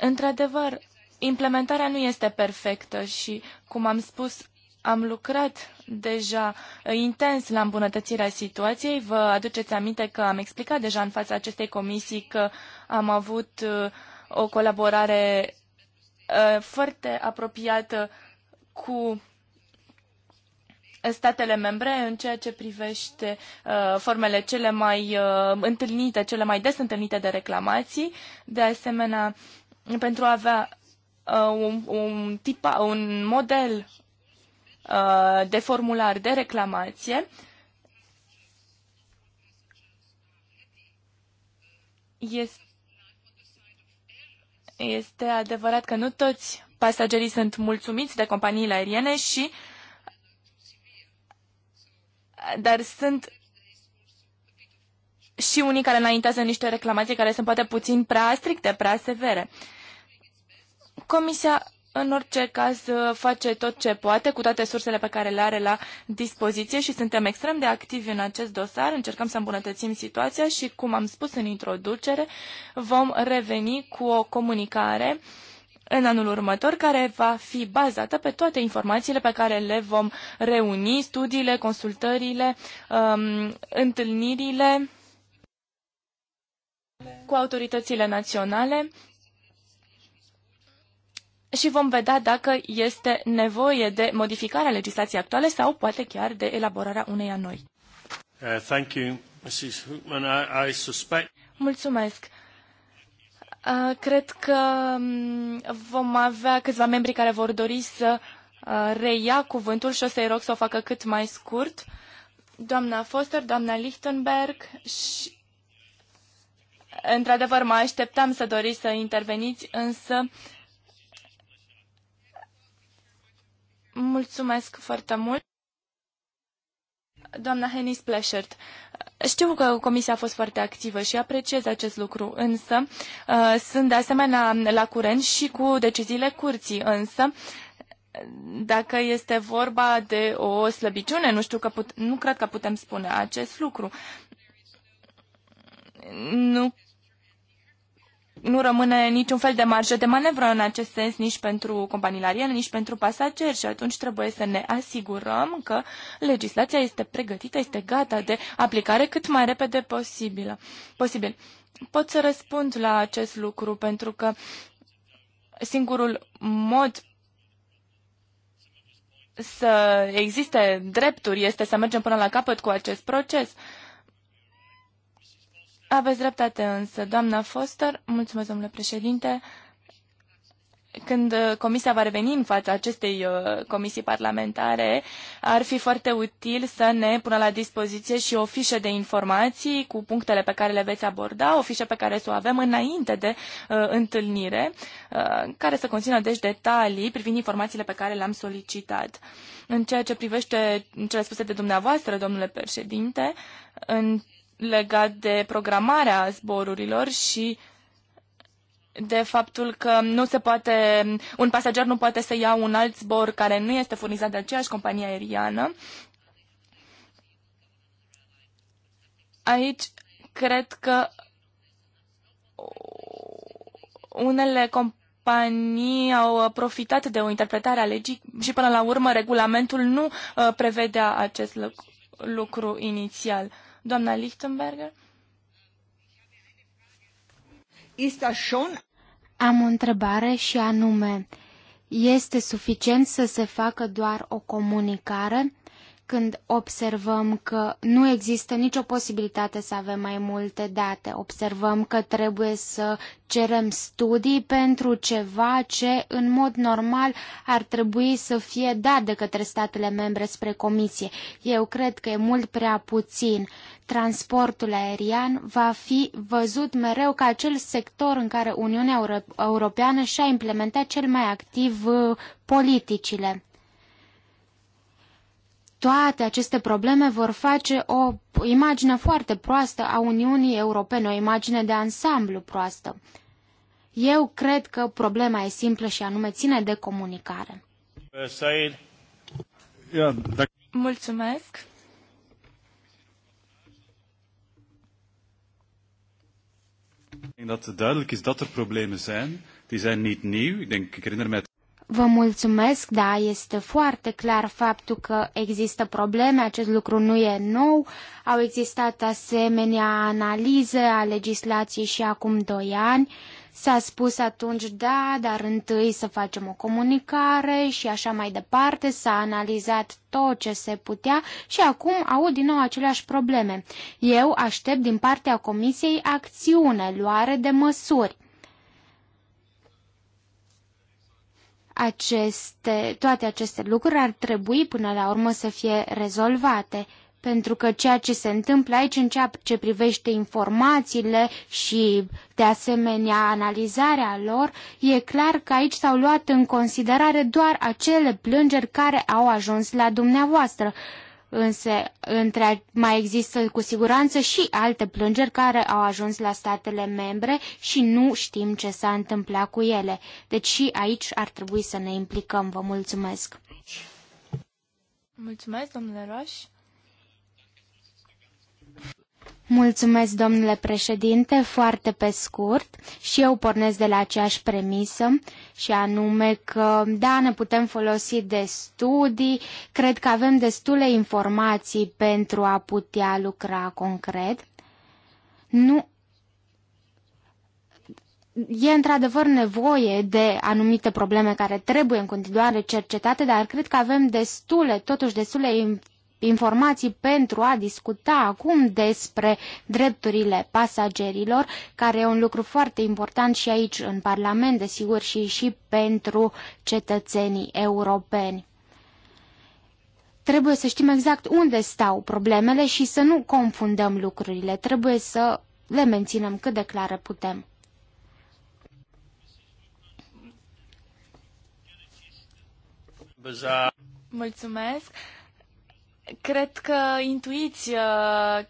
[SPEAKER 3] Într-adevăr, implementarea nu este perfectă și, cum am spus am lucrat deja uh, intens la îmbunătățirea situației. Vă aduceți aminte că am explicat deja în fața acestei comisii că am avut uh, o colaborare uh, foarte apropiată cu statele membre în ceea ce privește formele cele mai întâlnite, cele mai des întâlnite de reclamații. De asemenea, pentru a avea un, un, tipa, un model Uh, de formular de reclamație, este, este adevărat că nu toți pasagerii sunt mulțumiți de companiile aeriene și dar sunt și unii care înaintează niște reclamații care sunt poate puțin prea stricte, prea severe. Comisia în orice caz uh, face tot ce poate cu toate sursele pe care le are la dispoziție și suntem extrem de activi în acest dosar, încercăm să îmbunătățim situația și, cum am spus în introducere, vom reveni cu o comunicare în anul următor, care va fi bazată pe toate informațiile pe care le vom reuni, studiile, consultările, um, întâlnirile cu autoritățile naționale și vom vedea dacă este nevoie de modificarea legislației actuale sau poate chiar de elaborarea uneia noi.
[SPEAKER 1] Uh, thank you, Mrs. I, I suspect...
[SPEAKER 3] Mulțumesc. Uh, cred că um, vom avea câțiva membri care vor dori să uh, reia cuvântul și o să-i rog să o facă cât mai scurt. Doamna Foster, doamna Lichtenberg și... Într-adevăr, mă așteptam să doriți să interveniți, însă uh, Mulțumesc foarte mult. Doamna Henis Pleșert, știu că Comisia a fost foarte activă și apreciez acest lucru, însă uh, sunt de asemenea la curent și cu deciziile curții, însă dacă este vorba de o slăbiciune, nu știu că put- nu cred că putem spune acest lucru. Nu nu rămâne niciun fel de marjă de manevră în acest sens nici pentru companiile aeriene, nici pentru pasageri și atunci trebuie să ne asigurăm că legislația este pregătită, este gata de aplicare cât mai repede posibilă. posibil. Pot să răspund la acest lucru pentru că singurul mod să existe drepturi este să mergem până la capăt cu acest proces. Uh, aveți dreptate însă, doamna Foster, mulțumesc domnule președinte, când uh, comisia va reveni în fața acestei uh, comisii parlamentare, ar fi foarte util să ne pună la dispoziție și o fișă de informații cu punctele pe care le veți aborda, o fișă pe care să o avem înainte de uh, întâlnire, uh, care să conțină deci detalii privind informațiile pe care le-am solicitat. În ceea ce privește cele spuse de dumneavoastră, domnule președinte, în legat de programarea zborurilor și de faptul că nu se poate, un pasager nu poate să ia un alt zbor care nu este furnizat de aceeași companie aeriană. Aici cred că unele companii au profitat de o interpretare a legii și până la urmă regulamentul nu uh, prevedea acest lucru inițial. Doamna Lichtenberger?
[SPEAKER 1] Am o întrebare și anume, este suficient să se facă doar o comunicare când observăm că nu există nicio posibilitate să avem mai multe date. Observăm că trebuie să cerem studii pentru ceva ce, în mod normal, ar trebui să fie dat de către statele membre spre comisie. Eu cred că e mult prea puțin transportul aerian va fi văzut mereu ca acel sector în care Uniunea Europeană și-a implementat cel mai activ uh, politicile. Toate aceste probleme vor face o imagine foarte proastă a Uniunii Europene, o imagine de ansamblu proastă. Eu cred că problema e simplă și anume ține de comunicare. Mulțumesc. Vă mulțumesc, da, este foarte clar faptul că există probleme, acest lucru nu e nou. Au existat asemenea analize a legislației și acum doi ani. S-a spus atunci, da, dar întâi să facem o comunicare și așa mai departe, s-a analizat tot ce se putea și acum au din nou aceleași probleme. Eu aștept din partea Comisiei acțiune, luare de măsuri. Aceste, toate aceste lucruri ar trebui până la urmă să fie rezolvate pentru că ceea ce se întâmplă aici în ceea ce privește informațiile și de asemenea analizarea lor, e clar că aici s-au luat în considerare doar acele plângeri care au ajuns la dumneavoastră. Însă între, mai există cu siguranță și alte plângeri care au ajuns la statele membre și nu știm ce s-a întâmplat cu ele. Deci și aici ar trebui să ne implicăm. Vă mulțumesc!
[SPEAKER 3] Mulțumesc, domnule Roș!
[SPEAKER 1] Mulțumesc, domnule președinte, foarte pe scurt și eu pornesc de la aceeași premisă și anume că, da, ne putem folosi de studii, cred că avem destule informații pentru a putea lucra concret. Nu e într-adevăr nevoie de anumite probleme care trebuie în continuare cercetate, dar cred că avem destule, totuși destule informații pentru a discuta acum despre drepturile pasagerilor, care e un lucru foarte important și aici în Parlament, desigur, și, și pentru cetățenii europeni trebuie să știm exact unde stau problemele și să nu confundăm lucrurile. Trebuie să le menținem cât de clare
[SPEAKER 3] putem. Mulțumesc. Cred că intuiți uh,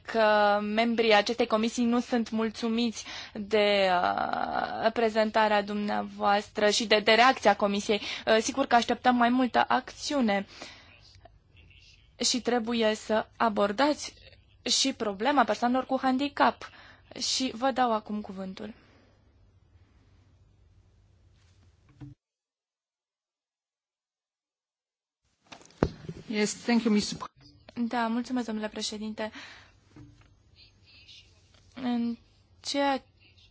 [SPEAKER 3] că membrii acestei comisii nu sunt mulțumiți de uh, prezentarea dumneavoastră și de, de reacția comisiei. Uh, sigur că așteptăm mai multă acțiune și trebuie să abordați și problema persoanelor cu handicap. Și vă dau acum cuvântul. Yes, thank you, Mr. Da, mulțumesc, domnule președinte. În ceea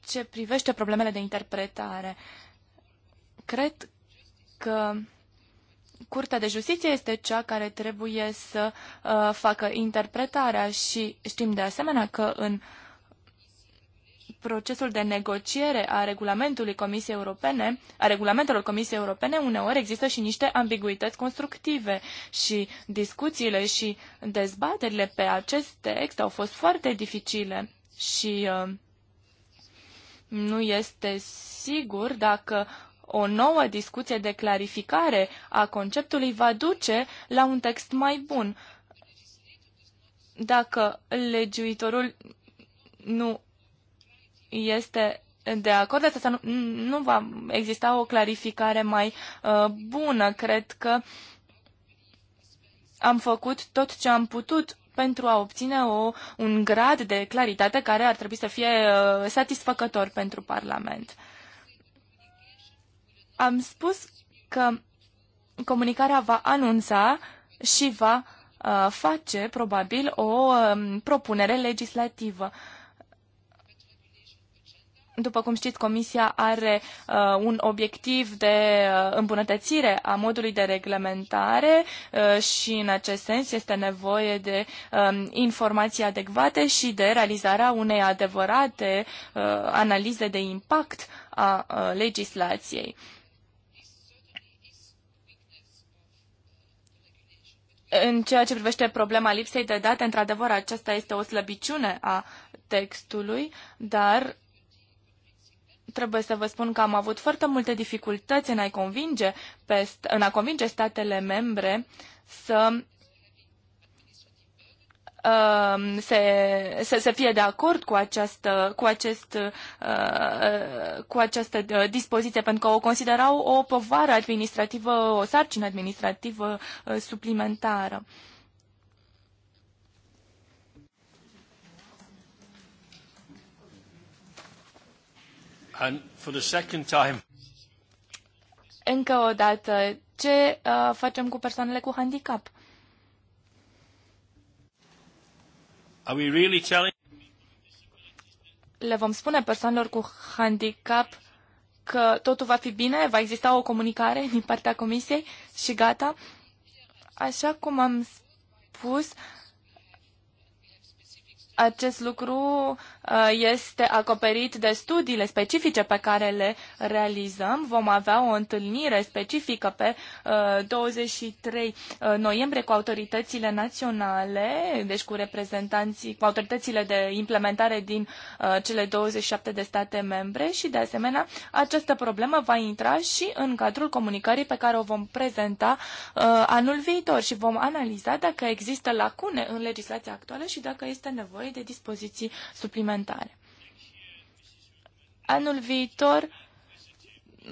[SPEAKER 3] ce privește problemele de interpretare, cred că Curtea de Justiție este cea care trebuie să uh, facă interpretarea și știm de asemenea că în uh, procesul de negociere a regulamentului Comisiei Europene, a regulamentelor Comisiei Europene, uneori există și niște ambiguități constructive și discuțiile și dezbaterile pe acest text au fost foarte dificile și uh, nu este sigur dacă o nouă discuție de clarificare a conceptului va duce la un text mai bun. Dacă legiuitorul nu este de acord, de asta nu, nu va exista o clarificare mai uh, bună. Cred că am făcut tot ce am putut pentru a obține o, un grad de claritate care ar trebui să fie uh, satisfăcător pentru Parlament. Am spus că comunicarea va anunța și va uh, face probabil o uh, propunere legislativă. Uh, după cum știți, Comisia are uh, un obiectiv de uh, îmbunătățire a modului de reglementare uh, și în acest sens este nevoie de um, informații adecvate și de realizarea unei adevărate uh, analize de impact a uh, legislației. În ceea ce privește problema lipsei de date, într-adevăr, aceasta este o slăbiciune a textului, dar trebuie să vă spun că am avut foarte multe dificultăți în a convinge, pe, în a convinge statele membre să um, se, să, să fie de acord cu această, cu, acest, uh, uh, cu această uh, dispoziție, pentru că o considerau o povară administrativă, o sarcină administrativă suplimentară.
[SPEAKER 1] And for the second time...
[SPEAKER 3] Încă o dată, ce uh, facem cu persoanele cu handicap?
[SPEAKER 2] Are we really telling...
[SPEAKER 3] Le vom spune persoanelor cu handicap că totul va fi bine, va exista o comunicare din partea comisiei și gata. Așa cum am spus, acest lucru Uh, este acoperit de studiile specifice pe care le realizăm. Vom avea o întâlnire specifică pe 23 uh, uh, noiembrie cu autoritățile naționale, deci cu reprezentanții, cu autoritățile de implementare din cele 27 de state membre și, de asemenea, această problemă va intra și în cadrul comunicării pe care o vom prezenta anul viitor și vom analiza dacă există lacune în legislația actuală și dacă este nevoie de dispoziții suplimentare suplimentare. Anul viitor,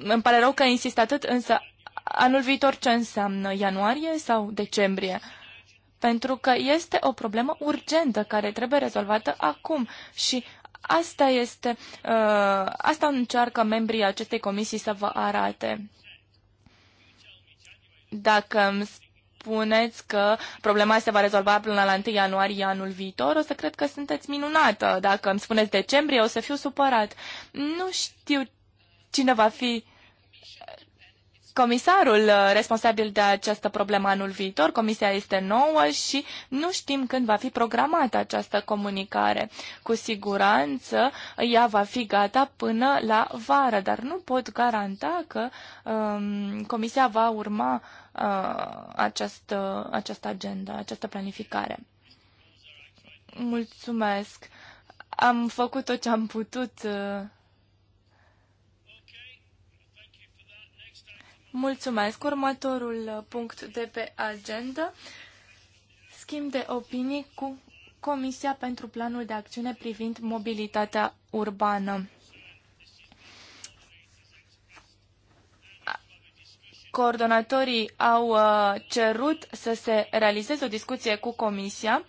[SPEAKER 3] îmi pare rău că insist atât, însă anul viitor ce înseamnă? Ianuarie sau decembrie? Pentru că este o problemă urgentă care trebuie rezolvată acum și asta este, uh, asta încearcă membrii acestei comisii să vă arate. Dacă îmi spuneți că problema se va rezolva până la 1 ianuarie anul viitor, o să cred că sunteți minunată. Dacă îmi spuneți decembrie, o să fiu supărat. Nu știu cine va fi comisarul uh, responsabil de această problemă anul viitor. Comisia este nouă și nu știm când va fi programată această comunicare. Cu siguranță ea va fi gata până la vară, dar nu pot garanta că um, Comisia va urma Uh, uh, această, această agenda, această planificare. Mulțumesc. Am făcut tot ce am putut. Uh. Mulțumesc. Următorul punct de pe agenda. Schimb de opinii cu Comisia pentru Planul de Acțiune privind mobilitatea urbană. Coordonatorii au uh, cerut să se realizeze o discuție cu Comisia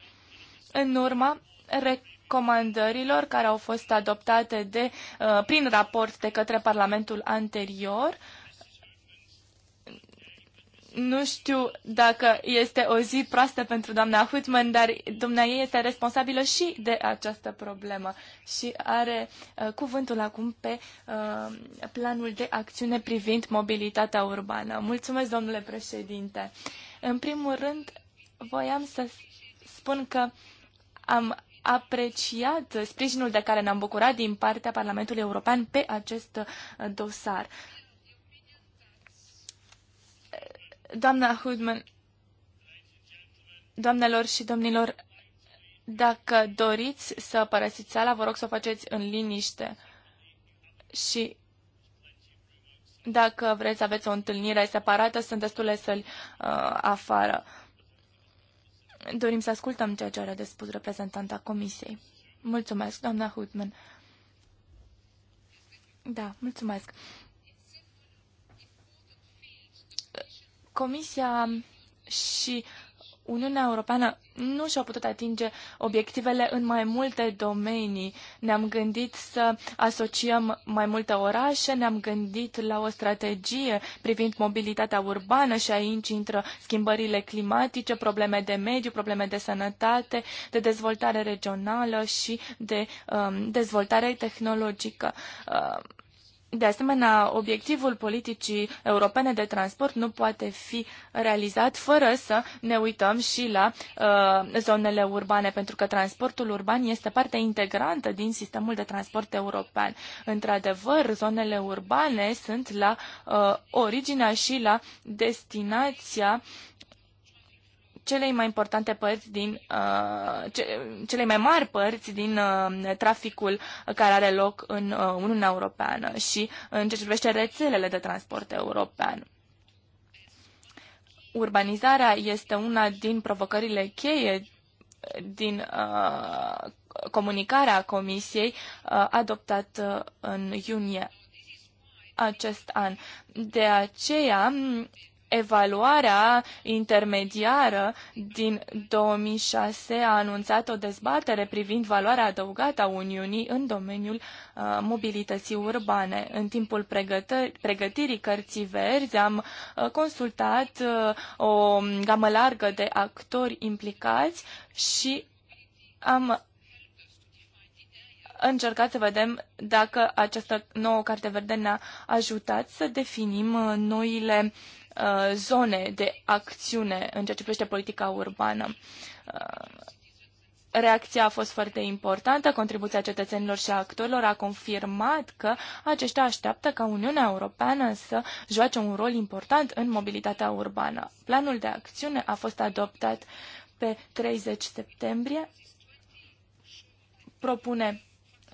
[SPEAKER 3] în urma recomandărilor care au fost adoptate de, uh, prin raport de către Parlamentul anterior nu știu dacă este o zi proastă pentru doamna Huitman, dar doamna ei este responsabilă și de această problemă și are uh, cuvântul acum pe uh, planul de acțiune privind mobilitatea urbană. Mulțumesc, domnule președinte. În primul rând, voiam să spun că am apreciat sprijinul de care ne-am bucurat din partea Parlamentului European pe acest uh, dosar. Doamna Hudman, doamnelor și domnilor, dacă doriți să părăsiți sala, vă rog să o faceți în liniște. Și dacă vreți să aveți o întâlnire separată, sunt destule săli uh, afară. Dorim să ascultăm ceea ce are de spus reprezentanta comisiei. Mulțumesc, doamna Hutman. Da, mulțumesc. Comisia și Uniunea Europeană nu și au putut atinge obiectivele în mai multe domenii. Ne-am gândit să asociem mai multe orașe, ne-am gândit la o strategie privind mobilitatea urbană și aici intră schimbările climatice, probleme de mediu, probleme de sănătate, de dezvoltare regională și de um, dezvoltare tehnologică. Uh, de asemenea, obiectivul politicii europene de transport nu poate fi realizat fără să ne uităm și la uh, zonele urbane, pentru că transportul urban este parte integrantă din sistemul de transport european. Într-adevăr, zonele urbane sunt la uh, originea și la destinația uh, cele mai importante părți din, uh, ce, cele mai mari părți din uh, traficul care are loc în uh, Uniunea Europeană și în ce privește rețelele de transport european. Urbanizarea este una din provocările cheie din uh, comunicarea Comisiei uh, adoptată în iunie acest an. De aceea, evaluarea intermediară din 2006 a anunțat o dezbatere privind valoarea adăugată a Uniunii în domeniul uh, mobilității urbane. În timpul pregătirii cărții verzi am uh, consultat uh, o gamă largă de actori implicați și am încercat să vedem dacă această nouă carte verde ne-a ajutat să definim uh, noile Uh, zone de acțiune în ceea ce privește politica urbană. Uh, reacția a fost foarte importantă, contribuția cetățenilor și a actorilor a confirmat că aceștia așteaptă ca Uniunea Europeană să joace un rol important în mobilitatea urbană. Planul de acțiune a fost adoptat pe 30 septembrie. Propune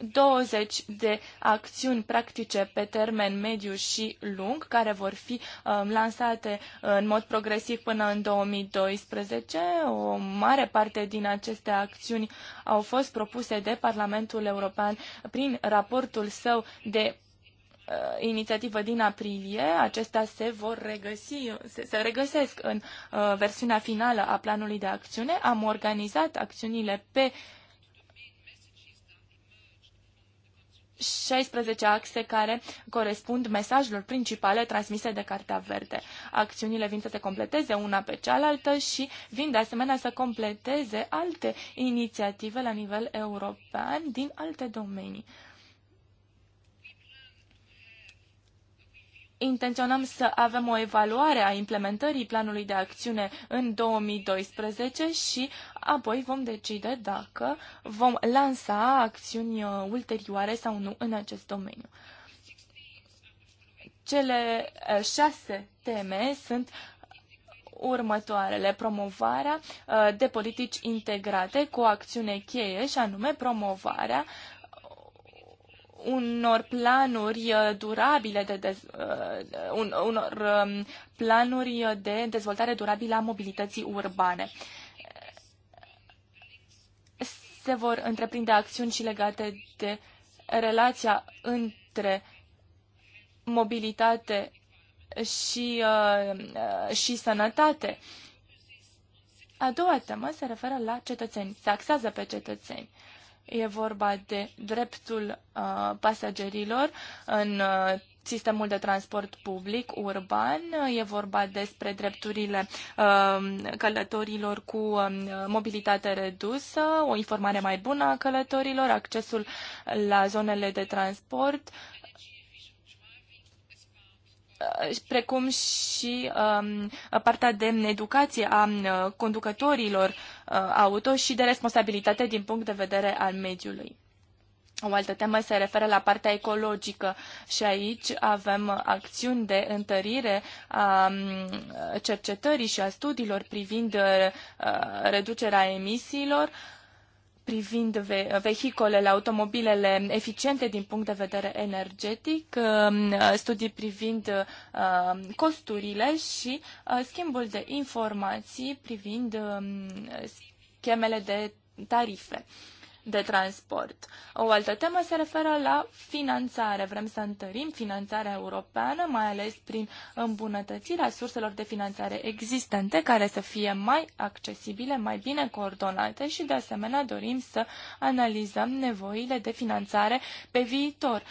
[SPEAKER 3] 20 de acțiuni practice pe termen mediu și lung, care vor fi um, lansate uh, în mod progresiv până în 2012. O mare parte din aceste acțiuni au fost propuse de Parlamentul European prin raportul său de uh, inițiativă din aprilie, acestea se vor regăsi, se, se regăsesc în uh, versiunea finală a planului de acțiune. Am organizat acțiunile pe uh, 16 axe care corespund mesajelor principale transmise de Cartea Verde. Acțiunile vin să se completeze una pe cealaltă și vin de asemenea să completeze alte inițiative la nivel european din alte domenii. intenționăm să avem o evaluare a implementării planului de acțiune în 2012 și apoi vom decide dacă vom lansa acțiuni uh, ulterioare sau nu în acest domeniu. Cele uh, șase teme sunt următoarele. Promovarea uh, de politici integrate cu o acțiune cheie și anume promovarea uh, unor planuri uh, durabile de, de uh, un, unor um, planuri de dezvoltare durabilă a mobilității urbane. Se vor întreprinde acțiuni și legate de relația între mobilitate și, uh, și sănătate. A doua temă se referă la cetățeni, se axează pe cetățeni. Uh, E vorba de dreptul uh, pasagerilor în uh, sistemul de transport public urban, e vorba despre drepturile um, călătorilor cu um, mobilitate redusă, o informare mai bună a călătorilor, accesul la zonele de transport, Uh, precum și um, partea de educație a uh, conducătorilor uh, auto și de responsabilitate din punct de vedere al mediului. O altă temă se referă la partea ecologică și aici avem acțiuni de întărire a um, cercetării și a studiilor privind uh, reducerea emisiilor, privind vehicolele, automobilele eficiente din punct de vedere energetic, um, studii privind um, costurile și uh, schimbul de informații privind um, schemele de tarife de transport. O altă temă se referă la finanțare. Vrem să întărim finanțarea europeană, mai ales prin îmbunătățirea surselor de finanțare existente, care să fie mai accesibile, mai bine coordonate și, de asemenea, dorim să analizăm nevoile de finanțare pe viitor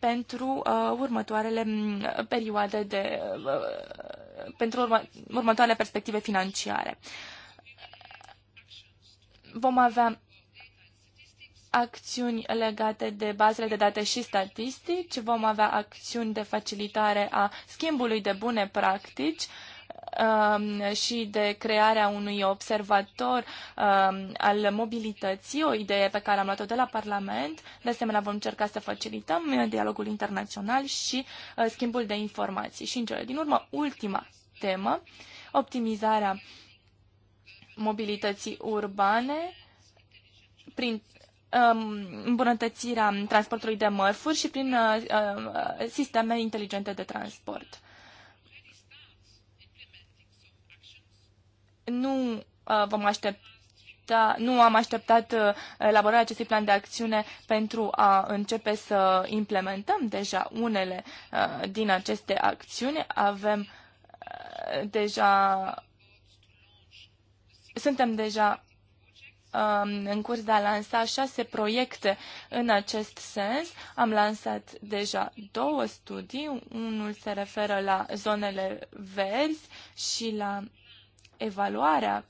[SPEAKER 3] pentru uh, următoarele mm, perioade de uh, uh, pentru urmă, următoarele perspective financiare. Vom avea acțiuni legate de bazele de date și statistici, vom avea acțiuni de facilitare a schimbului de bune practici um, și de crearea unui observator um, al mobilității, o idee pe care am luat-o de la Parlament. De asemenea, vom încerca să facilităm uh, dialogul internațional și uh, schimbul de informații. Și, în cele din urmă, ultima temă, optimizarea mobilității urbane prin Um, îmbunătățirea transportului de mărfuri și prin uh, uh, sisteme inteligente de transport. Nu uh, vom aștepta nu am așteptat elaborarea acestui plan de acțiune pentru a începe să implementăm deja unele din aceste acțiuni. Avem deja suntem deja Um, în curs de a lansa șase proiecte în acest sens. Am lansat deja două studii. Unul se referă la zonele verzi și la evaluarea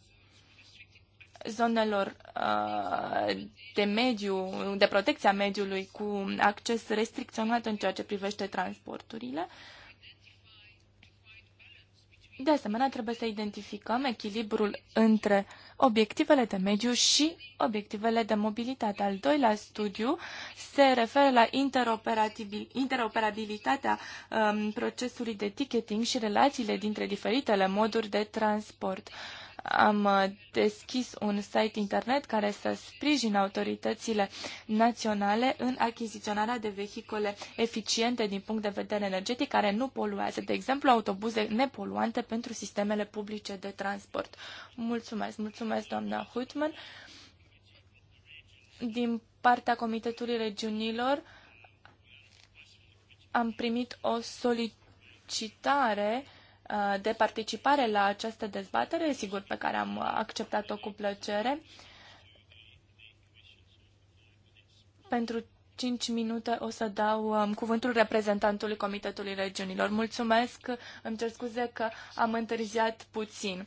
[SPEAKER 3] zonelor uh, de mediu, de protecția mediului cu acces restricționat în ceea ce privește transporturile. De asemenea, trebuie să identificăm echilibrul între uh, obiectivele de mediu și obiectivele de mobilitate. Al doilea studiu se referă la interoperabilitatea um, procesului de ticketing și relațiile dintre diferitele moduri de transport am uh, deschis un site internet care să sprijină autoritățile naționale în achiziționarea de vehicule eficiente din punct de vedere energetic, care nu poluează, de exemplu, autobuze nepoluante pentru sistemele publice de transport. Mulțumesc, mulțumesc, doamna Hutman. Din partea Comitetului Regiunilor am primit o solicitare Uh, de participare la această dezbatere, sigur, pe care am acceptat-o cu plăcere. Pentru 5 minute o să dau um, cuvântul reprezentantului Comitetului Regiunilor. Mulțumesc, îmi cer scuze că am întârziat puțin.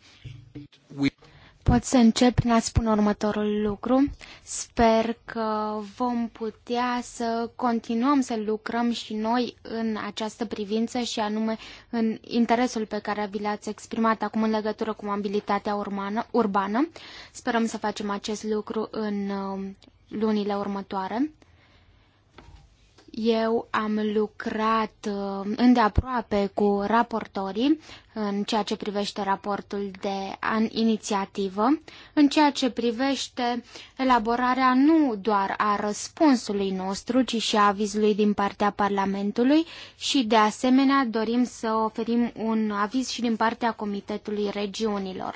[SPEAKER 1] Pot să încep prin a spune următorul lucru. Sper că vom putea să continuăm să lucrăm și noi în această privință și anume în interesul pe care vi l-ați exprimat acum în legătură cu mobilitatea urmană, urbană. Sperăm să facem acest lucru în uh, lunile următoare. Eu am lucrat uh, îndeaproape cu raportorii în ceea ce privește raportul de inițiativă, în ceea ce privește elaborarea nu doar a răspunsului nostru, ci și a avizului din partea Parlamentului și, de asemenea, dorim să oferim un aviz și din partea Comitetului Regiunilor.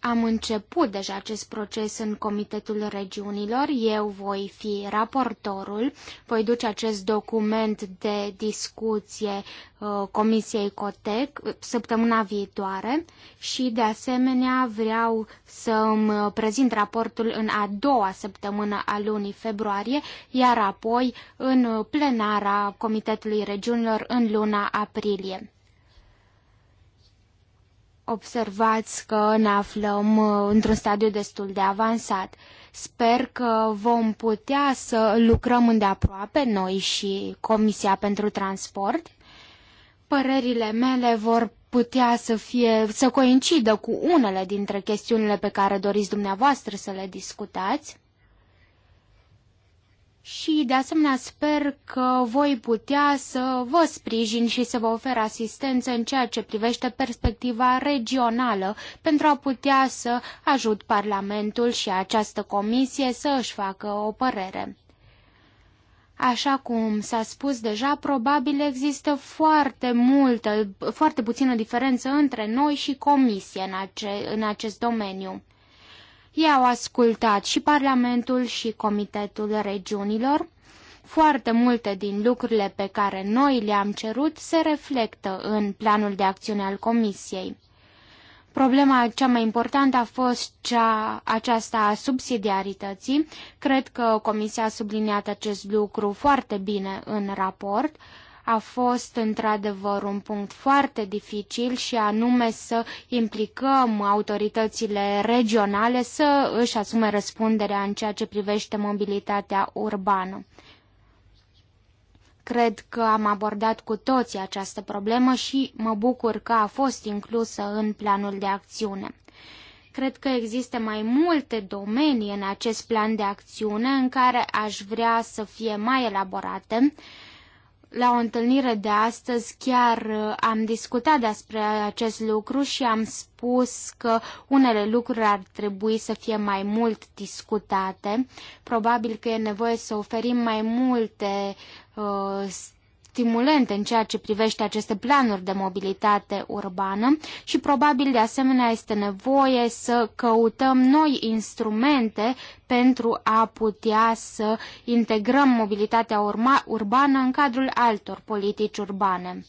[SPEAKER 1] Am început deja acest proces în Comitetul Regiunilor. Eu voi fi raportorul, voi duce acest document de discuție uh, Comisiei Cotec uh, săptămâna viitoare și, de asemenea, vreau să îmi uh, prezint raportul în a doua săptămână a lunii februarie, iar apoi în plenara Comitetului Regiunilor în luna aprilie observați că ne aflăm uh, într-un stadiu destul de avansat. Sper că vom putea să lucrăm îndeaproape noi și Comisia pentru Transport. Părerile mele vor putea să fie să coincidă cu unele dintre chestiunile pe care doriți dumneavoastră să le discutați și de asemenea sper că voi putea să vă sprijin și să vă ofer asistență în ceea ce privește perspectiva regională pentru a putea să ajut Parlamentul și această comisie să își facă o părere. Așa cum s-a spus deja, probabil există foarte multă, foarte puțină diferență între noi și comisie în, ace, în acest domeniu. Ei au ascultat și Parlamentul și Comitetul Regiunilor. Foarte multe din lucrurile pe care noi le-am cerut se reflectă în planul de acțiune al Comisiei. Problema cea mai importantă a fost cea, aceasta a subsidiarității. Cred că Comisia a subliniat acest lucru foarte bine în raport a fost într-adevăr un punct foarte dificil și anume să implicăm autoritățile regionale să își asume răspunderea în ceea ce privește mobilitatea urbană. Cred că am abordat cu toții această problemă și mă bucur că a fost inclusă în planul de acțiune cred că există mai multe domenii în acest plan de acțiune în care aș vrea să fie mai elaborate la o întâlnire de astăzi chiar uh, am discutat despre acest lucru și am spus că unele lucruri ar trebui să fie mai mult discutate. Probabil că e nevoie să oferim mai multe uh, stimulente în ceea ce privește aceste planuri de mobilitate urbană și probabil de asemenea este nevoie să căutăm noi instrumente pentru a putea să integrăm mobilitatea urma, urbană în cadrul altor politici urbane.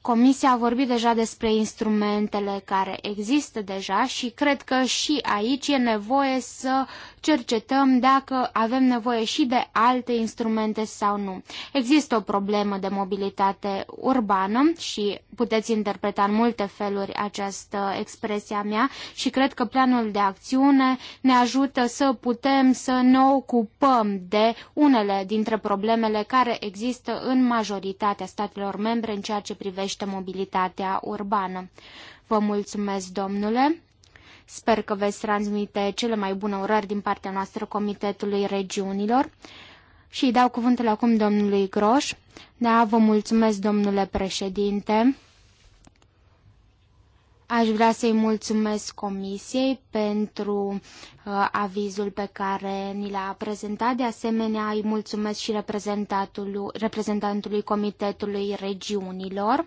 [SPEAKER 1] Comisia a vorbit deja despre instrumentele care există deja și cred că și aici e nevoie să cercetăm dacă avem nevoie și de alte instrumente sau nu. Există o problemă de mobilitate urbană și puteți interpreta în multe feluri această expresie a mea și cred că planul de acțiune ne ajută să putem să ne ocupăm de unele dintre problemele care există în majoritatea statelor membre în ceea ce privește mobilitatea urbană. Vă mulțumesc, domnule! Sper că veți transmite cele mai bune urări din partea noastră Comitetului Regiunilor. Și îi dau cuvântul acum domnului Groș. Da, vă mulțumesc, domnule președinte. Aș vrea să-i mulțumesc Comisiei pentru uh, avizul pe care ni l-a prezentat. De asemenea, îi mulțumesc și reprezentantului Comitetului Regiunilor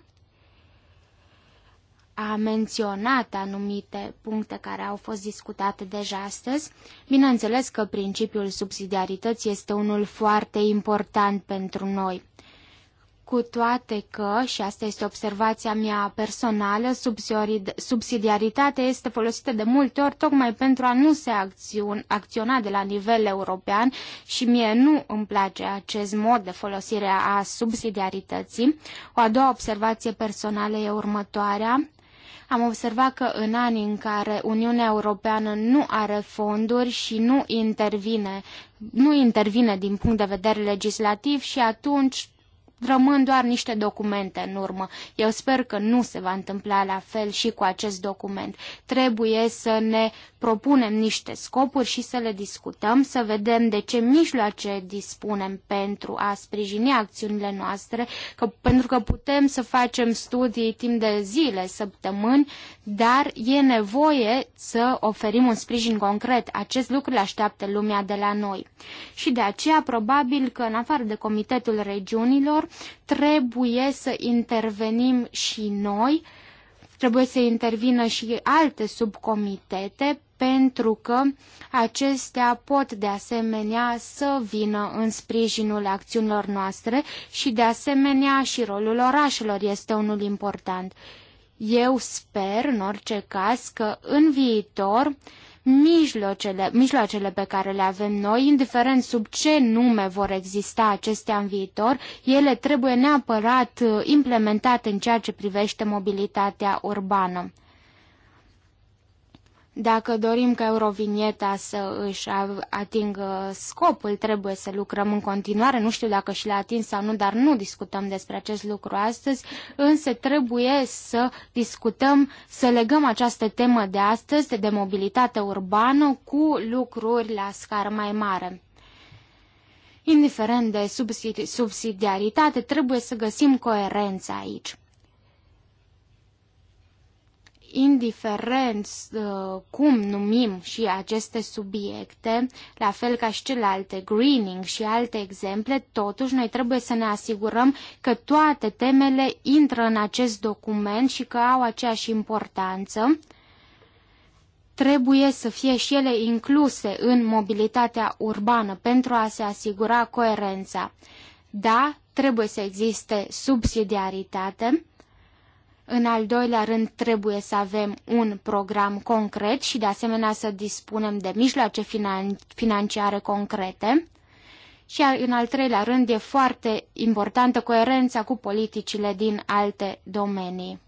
[SPEAKER 1] a menționat anumite puncte care au fost discutate deja astăzi. Bineînțeles că principiul subsidiarității este unul foarte important pentru noi. Cu toate că, și asta este observația mea personală, subsidiaritatea este folosită de multe ori tocmai pentru a nu se acționa de la nivel european și mie nu îmi place acest mod de folosire a subsidiarității. O a doua observație personală e următoarea am observat că în anii în care Uniunea Europeană nu are fonduri și nu intervine, nu intervine din punct de vedere legislativ și atunci rămân doar niște documente în urmă. Eu sper că nu se va întâmpla la fel și cu acest document. Trebuie să ne propunem niște scopuri și să le discutăm, să vedem de ce mijloace dispunem pentru a sprijini acțiunile noastre, că, pentru că putem să facem studii timp de zile, săptămâni, dar e nevoie să oferim un sprijin concret. Acest lucru le așteaptă lumea de la noi. Și de aceea, probabil că, în afară de Comitetul Regiunilor, trebuie să intervenim și noi, trebuie să intervină și alte subcomitete pentru că acestea pot de asemenea să vină în sprijinul acțiunilor noastre și de asemenea și rolul orașelor este unul important. Eu sper, în orice caz, că în viitor mijloacele, mijloacele pe care le avem noi, indiferent sub ce nume vor exista acestea în viitor, ele trebuie neapărat uh, implementate în ceea ce privește mobilitatea urbană. Dacă dorim ca Eurovinieta să își atingă scopul, trebuie să lucrăm în continuare. Nu știu dacă și l-a atins sau nu, dar nu discutăm despre acest lucru astăzi, însă trebuie să discutăm, să legăm această temă de astăzi, de mobilitate urbană, cu lucruri la scară mai mare. Indiferent de subsidiaritate, trebuie să găsim coerența aici indiferent uh, cum numim și aceste subiecte, la fel ca și celelalte, greening și alte exemple, totuși noi trebuie să ne asigurăm că toate temele intră în acest document și că au aceeași importanță. Trebuie să fie și ele incluse în mobilitatea urbană pentru a se asigura coerența. Da, trebuie să existe subsidiaritate, în al doilea rând, trebuie să avem un program concret și de asemenea să dispunem de mijloace finan financiare concrete. Și în al treilea rând, e foarte importantă coerența cu politicile din alte domenii.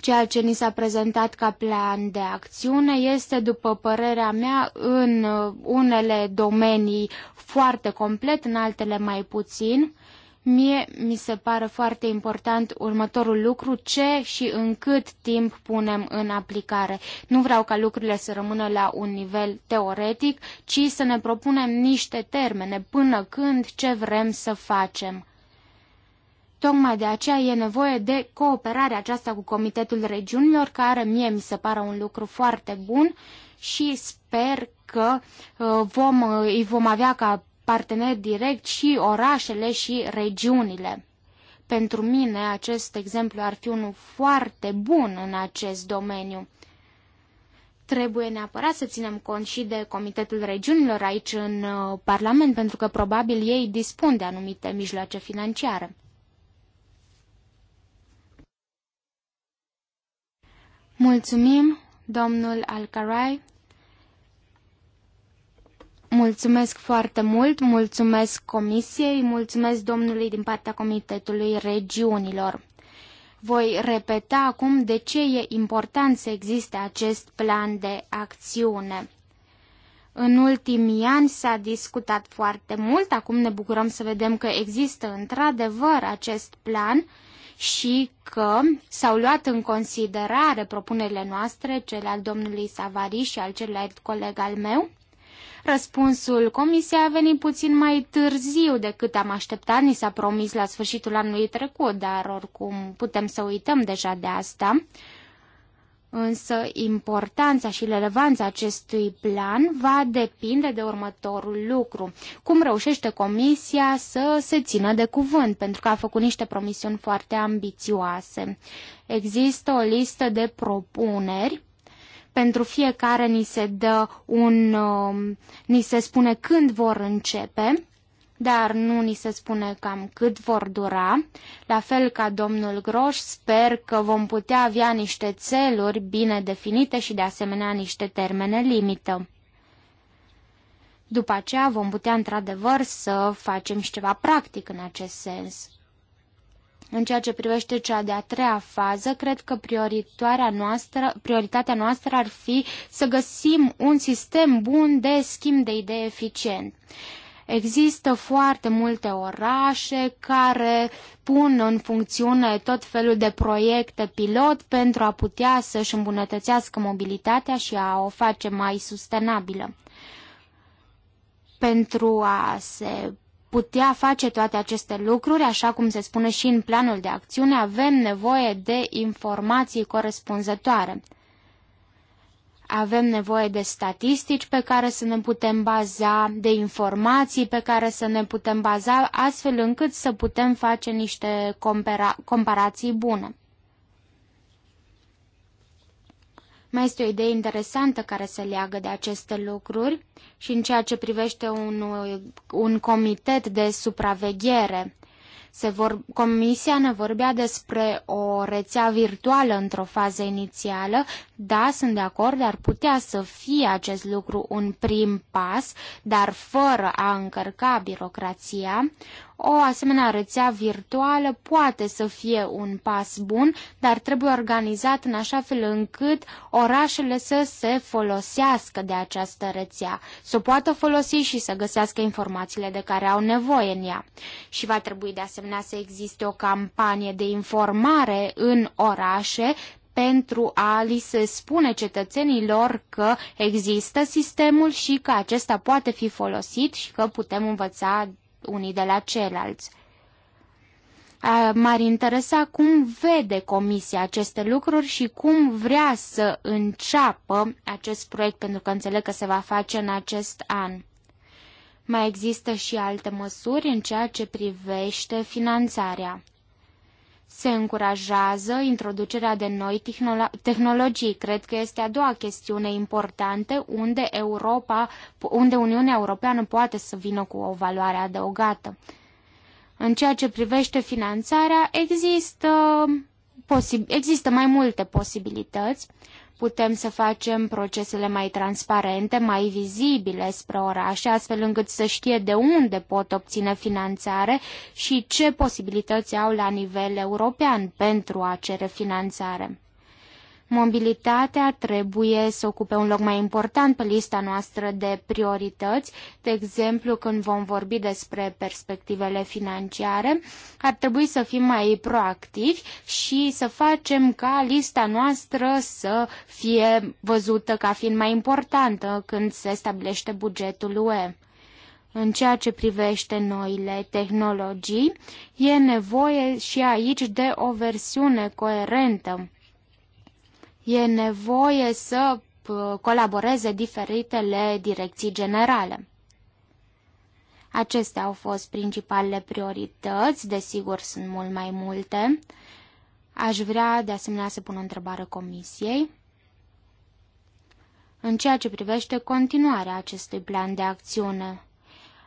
[SPEAKER 1] Ceea ce ni s-a prezentat ca plan de acțiune este, după părerea mea, în uh, unele domenii foarte complet, în altele mai puțin Mie mi se pare foarte important următorul lucru, ce și în cât timp punem în aplicare. Nu vreau ca lucrurile să rămână la un nivel teoretic, ci să ne propunem niște termene până când ce vrem să facem. Tocmai de aceea e nevoie de cooperarea aceasta cu Comitetul Regiunilor, care mie mi se pare un lucru foarte bun și sper că uh, vom, uh, îi vom avea ca parteneri direct și orașele și regiunile. Pentru mine acest exemplu ar fi unul foarte bun în acest domeniu. Trebuie neapărat să ținem cont și de Comitetul Regiunilor aici în uh, Parlament, pentru că probabil ei dispun de anumite mijloace financiare. Mulțumim, domnul Alcarai. Mulțumesc foarte mult, mulțumesc comisiei, mulțumesc domnului din partea Comitetului Regiunilor. Voi repeta acum de ce e important să existe acest plan de acțiune. În ultimii ani s-a discutat foarte mult, acum ne bucurăm să vedem că există într-adevăr acest plan și că s-au luat în considerare propunerile noastre, cele al domnului Savari și al celălalt coleg al meu. Răspunsul comisiei a venit puțin mai târziu decât am așteptat, ni s-a promis la sfârșitul anului trecut, dar oricum putem să uităm deja de asta. Însă importanța și relevanța acestui plan va depinde de următorul lucru. Cum reușește Comisia să se țină de cuvânt, pentru că a făcut niște promisiuni foarte ambițioase. Există o listă de propuneri pentru fiecare ni se dă un, uh, ni se spune când vor începe, dar nu ni se spune cam cât vor dura. La fel ca domnul Groș, sper că vom putea avea niște țeluri bine definite și de asemenea niște termene limită. După aceea vom putea într-adevăr să facem și ceva practic în acest sens. În ceea ce privește cea de-a treia fază, cred că noastră, prioritatea noastră ar fi să găsim un sistem bun de schimb de idei eficient. Există foarte multe orașe care pun în funcțiune tot felul de proiecte pilot pentru a putea să-și îmbunătățească mobilitatea și a o face mai sustenabilă. Pentru a se putea face toate aceste lucruri, așa cum se spune și în planul de acțiune, avem nevoie de informații corespunzătoare. Avem nevoie de statistici pe care să ne putem baza, de informații pe care să ne putem baza, astfel încât să putem face niște compara comparații bune. Mai este o idee interesantă care se leagă de aceste lucruri și în ceea ce privește un, un comitet de supraveghere. Se vor, comisia ne vorbea despre o rețea virtuală într-o fază inițială. Da, sunt de acord, ar putea să fie acest lucru un prim pas, dar fără a încărca birocrația. O asemenea rețea virtuală poate să fie un pas bun, dar trebuie organizat în așa fel încât orașele să se folosească de această rețea, să o poată folosi și să găsească informațiile de care au nevoie în ea. Și va trebui de asemenea să existe o campanie de informare în orașe pentru a li se spune cetățenilor că există sistemul și că acesta poate fi folosit și că putem învăța unii de la ceilalți. M-ar interesa cum vede Comisia aceste lucruri și cum vrea să înceapă acest proiect, pentru că înțeleg că se va face în acest an. Mai există și alte măsuri în ceea ce privește finanțarea. Se încurajează introducerea de noi tehnologii. Cred că este a doua chestiune importantă unde, Europa, unde Uniunea Europeană poate să vină cu o valoare adăugată. În ceea ce privește finanțarea, există, există mai multe posibilități. Uh, putem să facem procesele mai transparente, mai vizibile spre orașe, astfel încât să știe de unde pot obține finanțare și ce posibilități au la nivel european pentru a cere finanțare. Mobilitatea trebuie să ocupe un loc mai important pe lista noastră de priorități, de exemplu când vom vorbi despre perspectivele financiare, ar trebui să fim mai proactivi și să facem ca lista noastră să fie văzută ca fiind mai importantă când se stabilește bugetul UE în ceea ce privește noile tehnologii, e nevoie și aici de o versiune coerentă E nevoie să uh, colaboreze diferitele direcții generale. Acestea au fost principalele priorități, desigur sunt mult mai multe. Aș vrea de asemenea să pun o întrebare comisiei. În ceea ce privește continuarea acestui plan de acțiune,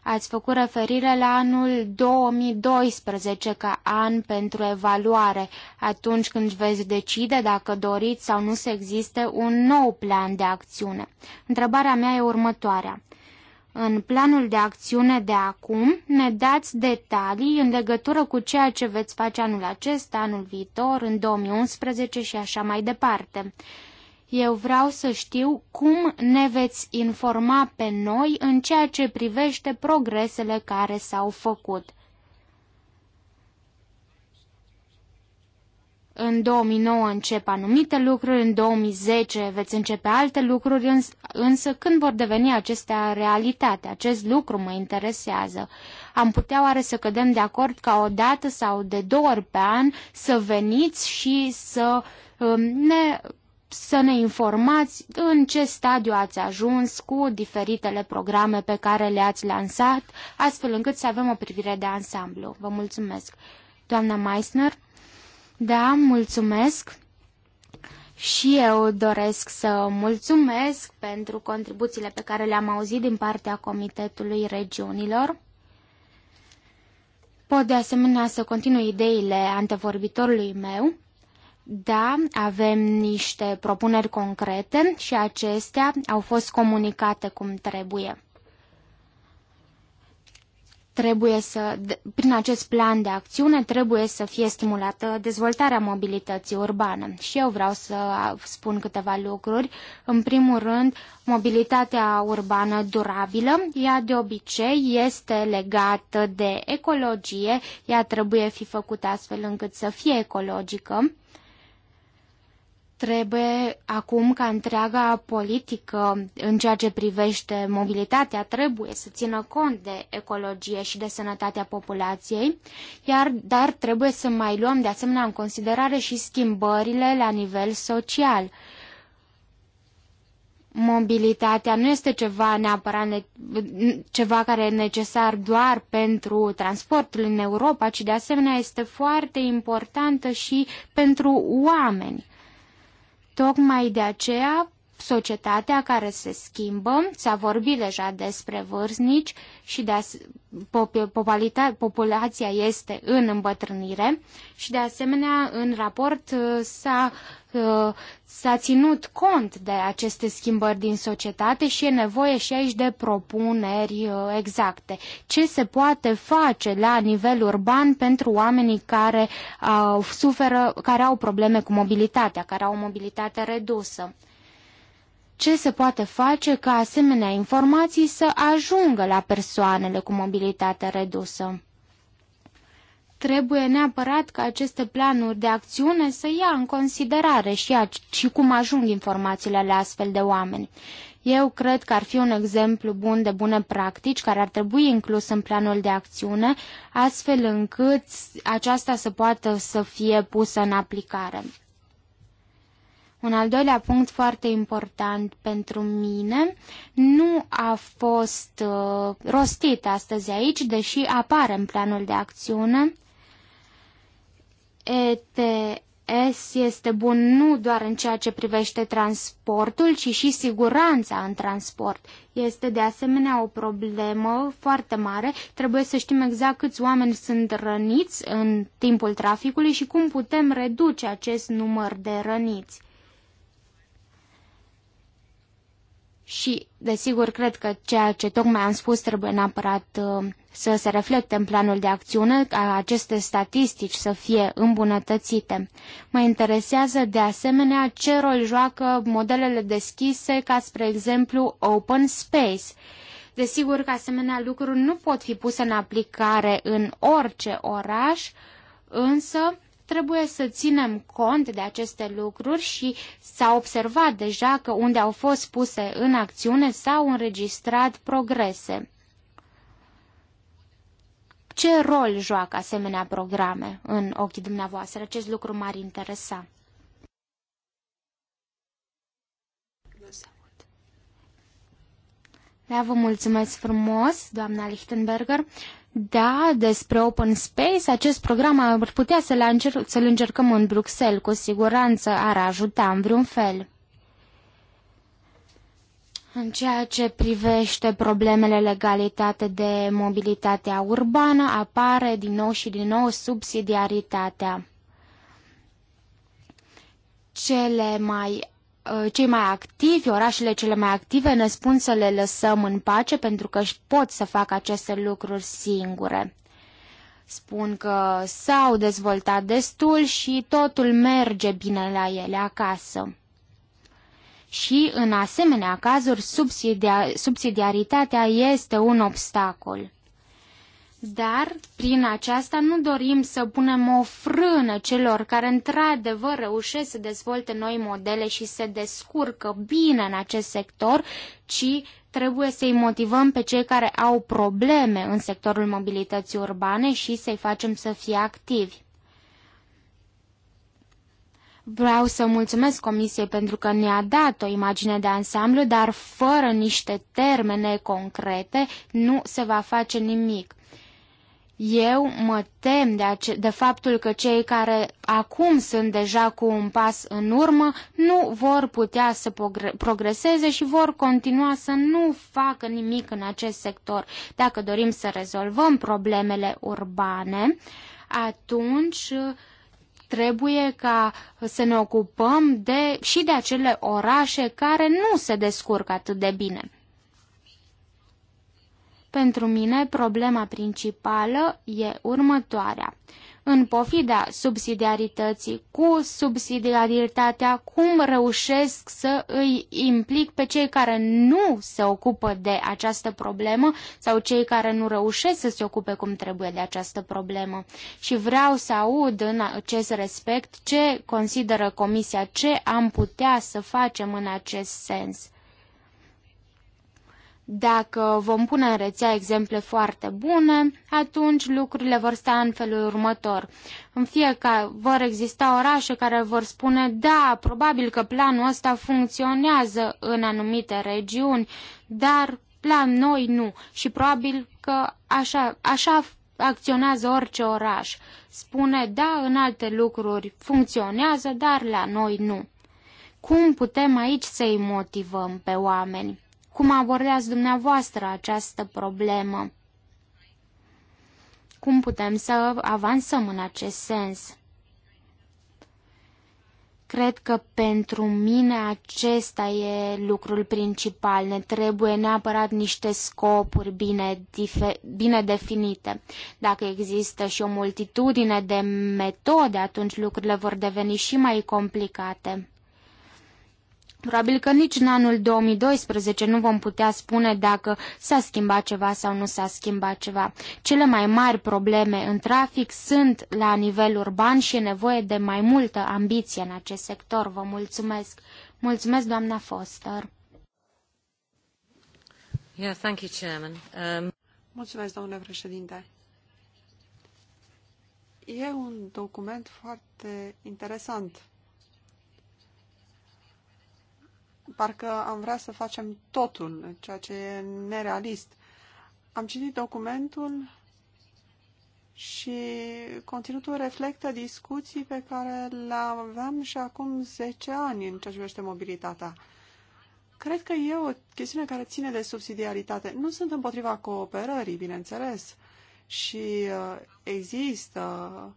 [SPEAKER 1] Ați făcut referire la anul 2012 ca an pentru evaluare, atunci când veți decide dacă doriți sau nu să existe un nou plan de acțiune. Întrebarea mea e următoarea. În planul de acțiune de acum ne dați detalii în legătură cu ceea ce veți face anul acesta, anul viitor, în 2011 și așa mai departe. Eu vreau să știu cum ne veți informa pe noi în ceea ce privește progresele care s-au făcut. În 2009 încep anumite lucruri, în 2010 veți începe alte lucruri, însă când vor deveni acestea realitate? Acest lucru mă interesează. Am putea oare să cădem de acord ca o dată sau de două ori pe an să veniți și să um, ne să ne informați în ce stadiu ați ajuns cu diferitele programe pe care le-ați lansat, astfel încât să avem o privire de ansamblu. Vă mulțumesc. Doamna Meissner? Da, mulțumesc. Și eu doresc să mulțumesc pentru contribuțiile pe care le-am auzit din partea Comitetului Regiunilor. Pot de asemenea să continui ideile antevorbitorului meu. Da, avem niște propuneri concrete și acestea au fost comunicate cum trebuie. Trebuie să, prin acest plan de acțiune trebuie să fie stimulată dezvoltarea mobilității urbane. Și eu vreau să spun câteva lucruri. În primul rând, mobilitatea urbană durabilă, ea de obicei este legată de ecologie, ea trebuie fi făcută astfel încât să fie ecologică Trebuie acum ca întreaga politică în ceea ce privește mobilitatea trebuie să țină cont de ecologie și de sănătatea populației, iar dar trebuie să mai luăm de asemenea în considerare și schimbările la nivel social. Mobilitatea nu este ceva neapărat ne, ceva care e necesar doar pentru transportul în Europa, ci de asemenea este foarte importantă și pentru oameni Tocmai de aceea societatea care se schimbă, s-a vorbit deja despre vârstnici și de as- populația este în îmbătrânire și de asemenea în raport uh, s-a, uh, s-a ținut cont de aceste schimbări din societate și e nevoie și aici de propuneri uh, exacte. Ce se poate face la nivel urban pentru oamenii care uh, suferă, care au probleme cu mobilitatea, care au o mobilitate redusă? ce se poate face ca asemenea informații să ajungă la persoanele cu mobilitate redusă. Trebuie neapărat ca aceste planuri de acțiune să ia în considerare și, a, și cum ajung informațiile la astfel de oameni. Eu cred că ar fi un exemplu bun de bune practici care ar trebui inclus în planul de acțiune, astfel încât aceasta să poată să fie pusă în aplicare. Un al doilea punct foarte important pentru mine nu a fost uh, rostit astăzi aici, deși apare în planul de acțiune. ETS este bun nu doar în ceea ce privește transportul, ci și siguranța în transport. Este de asemenea o problemă foarte mare. Trebuie să știm exact câți oameni sunt răniți în timpul traficului și cum putem reduce acest număr de răniți. Și, desigur, cred că ceea ce tocmai am spus trebuie neapărat uh, să se reflecte în planul de acțiune, ca aceste statistici să fie îmbunătățite. Mă interesează, de asemenea, ce rol joacă modelele deschise, ca, spre exemplu, Open Space. Desigur că asemenea lucruri nu pot fi puse în aplicare în orice oraș, însă Trebuie să ținem cont de aceste lucruri și s-a observat deja că unde au fost puse în acțiune s-au înregistrat progrese. Ce rol joacă asemenea programe în ochii dumneavoastră? Acest lucru m-ar interesa. Da, vă mulțumesc frumos, doamna Lichtenberger. Da, despre Open Space, acest program ar putea să-l, încer- să încercăm în Bruxelles, cu siguranță ar ajuta în vreun fel. În ceea ce privește problemele legalitate de mobilitatea urbană, apare din nou și din nou subsidiaritatea. Cele mai Uh, cei mai activi, orașele cele mai active ne spun să le lăsăm în pace pentru că își pot să facă aceste lucruri singure. Spun că s-au dezvoltat destul și totul merge bine la ele acasă. Și, în asemenea cazuri, subsidiaritatea este un obstacol. Dar, prin aceasta, nu dorim să punem o frână celor care, într-adevăr, reușesc să dezvolte noi modele și se descurcă bine în acest sector, ci trebuie să-i motivăm pe cei care au probleme în sectorul mobilității urbane și să-i facem să fie activi. Vreau să mulțumesc Comisiei pentru că ne-a dat o imagine de ansamblu, dar fără niște termene concrete nu se va face nimic. Eu mă tem de, ace- de faptul că cei care acum sunt deja cu un pas în urmă nu vor putea să progreseze și vor continua să nu facă nimic în acest sector. Dacă dorim să rezolvăm problemele urbane, atunci uh, trebuie ca să ne ocupăm de, și de acele orașe care nu se descurcă atât de bine. Pentru mine, problema principală e următoarea. În pofida subsidiarității, cu subsidiaritatea, cum reușesc să îi implic pe cei care nu se ocupă de această problemă sau cei care nu reușesc să se ocupe cum trebuie de această problemă. Și vreau să aud în acest respect ce consideră Comisia, ce am putea să facem în acest sens. Dacă vom pune în rețea exemple foarte bune, atunci lucrurile vor sta în felul următor. În fiecare vor exista orașe care vor spune, da, probabil că planul ăsta funcționează în anumite regiuni, dar la noi nu. Și probabil că așa, așa acționează orice oraș. Spune, da, în alte lucruri funcționează, dar la noi nu. Cum putem aici să-i motivăm pe oameni? Cum abordați dumneavoastră această problemă? Cum putem să avansăm în acest sens? Cred că pentru mine acesta e lucrul principal. Ne trebuie neapărat niște scopuri bine, bine definite. Dacă există și o multitudine de metode, atunci lucrurile vor deveni și mai complicate. Probabil că nici în anul 2012 nu vom putea spune dacă s-a schimbat ceva sau nu s-a schimbat ceva. Cele mai mari probleme în trafic sunt la nivel urban și e nevoie de mai multă ambiție în acest sector. Vă mulțumesc. Mulțumesc, doamna Foster.
[SPEAKER 2] Yeah, thank you, Chairman. Um... Mulțumesc, domnule președinte. E un document foarte interesant parcă am vrea să facem totul, ceea ce e nerealist. Am citit documentul și conținutul reflectă discuții pe care le aveam și acum 10 ani în ceea ce privește mobilitatea. Cred că e o chestiune care ține de subsidiaritate. Nu sunt împotriva cooperării, bineînțeles, și uh, există uh,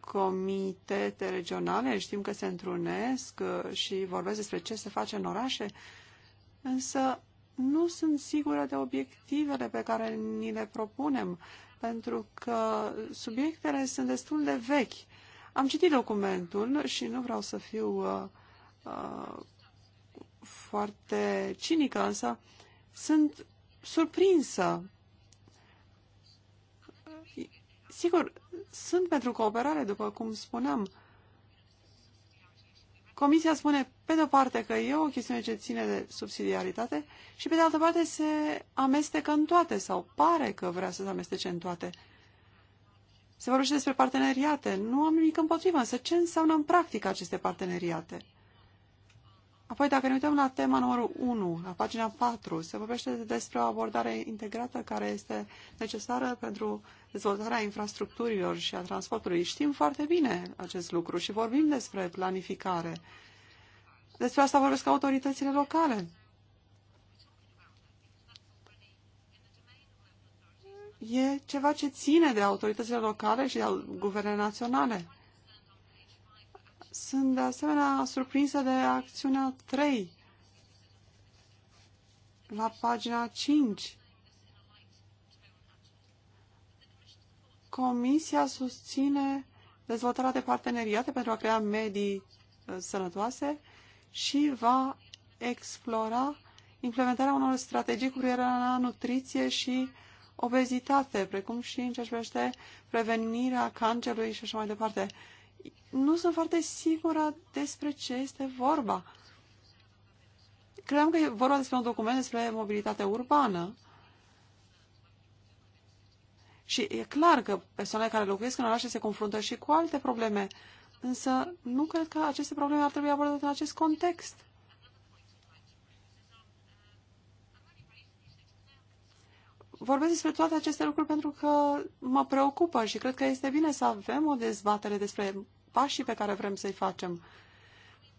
[SPEAKER 2] comitete regionale, știm că se întrunesc uh, și vorbesc despre ce se face în orașe, însă nu sunt sigură de obiectivele pe care ni le propunem, pentru că subiectele sunt destul de vechi. Am citit documentul și nu vreau să fiu uh, uh, foarte cinică, însă sunt surprinsă Sigur, sunt pentru cooperare, după cum spuneam. Comisia spune, pe de-o parte, că e o chestiune ce ține de subsidiaritate și, pe de altă parte, se amestecă în toate sau pare că vrea să se amestece în toate. Se vorbește despre parteneriate. Nu am nimic împotrivă, însă ce înseamnă în practică aceste parteneriate? Apoi, dacă ne uităm la tema numărul 1, la pagina 4, se vorbește despre o abordare integrată care este necesară pentru dezvoltarea infrastructurilor și a transportului. Știm foarte bine acest lucru și vorbim despre planificare. Despre asta vorbesc autoritățile locale. E ceva ce ține de autoritățile locale și de guvernele naționale. Sunt de asemenea surprinsă de acțiunea 3 la pagina 5. Comisia susține dezvoltarea de parteneriate pentru a crea medii uh, sănătoase și va explora implementarea unor strategii cu privire la nutriție și obezitate, precum și în ce privește prevenirea cancerului și așa mai departe nu sunt foarte sigură despre ce este vorba. Credeam că e vorba despre un document despre mobilitate urbană. Și e clar că persoanele care locuiesc în orașe se confruntă și cu alte probleme, însă nu cred că aceste probleme ar trebui abordate în acest context. vorbesc despre toate aceste lucruri pentru că mă preocupă și cred că este bine să avem o dezbatere despre pașii pe care vrem să-i facem.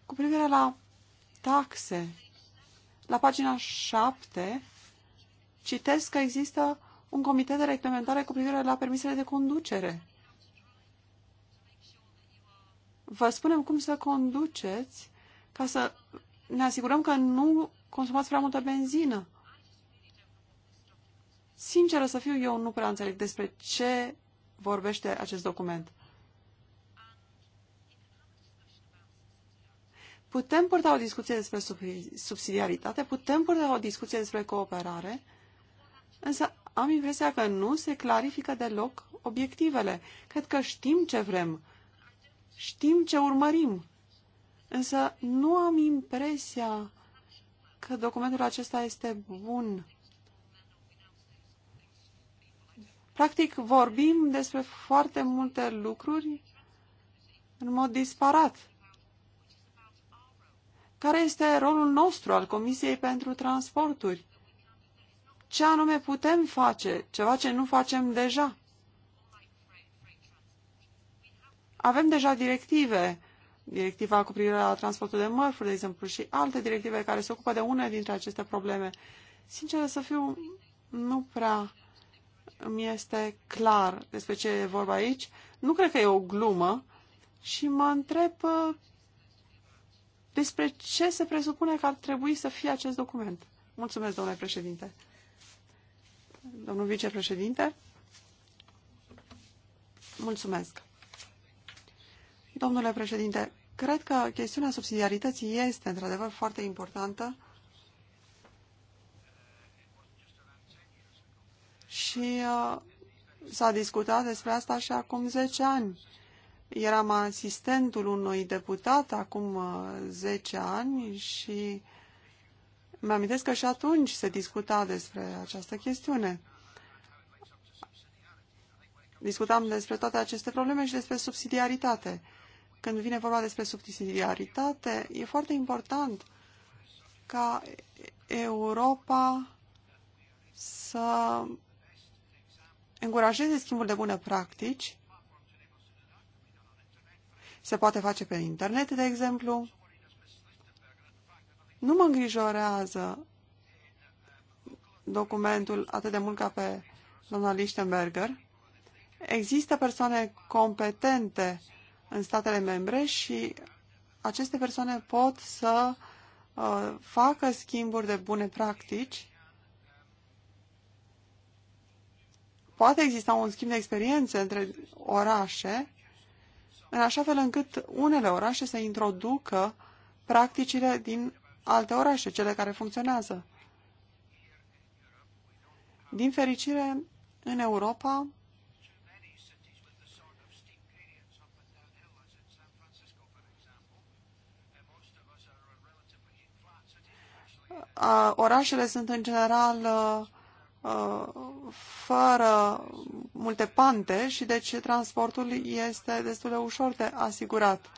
[SPEAKER 2] Cu privire la taxe, la pagina 7, citesc că există un comitet de reglementare cu privire la permisele de conducere. Vă spunem cum să conduceți ca să ne asigurăm că nu consumați prea multă benzină. Sinceră să fiu, eu nu prea înțeleg despre ce vorbește acest document. Putem purta o discuție despre subsidiaritate, putem purta o discuție despre cooperare, însă am impresia că nu se clarifică deloc obiectivele. Cred că știm ce vrem, știm ce urmărim, însă nu am impresia că documentul acesta este bun. Practic, vorbim despre foarte multe lucruri în mod disparat. Care este rolul nostru al Comisiei pentru Transporturi? Ce anume putem face, ceva ce nu facem deja? Avem deja directive, directiva cu privire la transportul de mărfuri, de exemplu, și alte directive care se ocupă de una dintre aceste probleme. Sincer să fiu, nu prea îmi este clar despre ce e vorba aici. Nu cred că e o glumă și mă întreb uh, despre ce se presupune că ar trebui să fie acest document. Mulțumesc, domnule președinte. Domnul vicepreședinte, mulțumesc. Domnule președinte, cred că chestiunea subsidiarității este într-adevăr foarte importantă și uh, s-a discutat despre asta și acum 10 ani. Eram asistentul unui deputat acum uh, 10 ani și mă amintesc că și atunci se discuta despre această chestiune. Discutam despre toate aceste probleme și despre subsidiaritate. Când vine vorba despre subsidiaritate, e foarte important ca Europa să încurajeze schimbul de bune practici. Se poate face pe internet, de exemplu. Nu mă îngrijorează documentul atât de mult ca pe doamna Lichtenberger. Există persoane competente în statele membre și aceste persoane pot să uh, facă schimburi de bune practici poate exista un schimb de experiențe între orașe, în așa fel încât unele orașe să introducă practicile din alte orașe, cele care funcționează. Din fericire, în Europa, orașele sunt în general fără multe pante și deci transportul este destul de ușor de asigurat.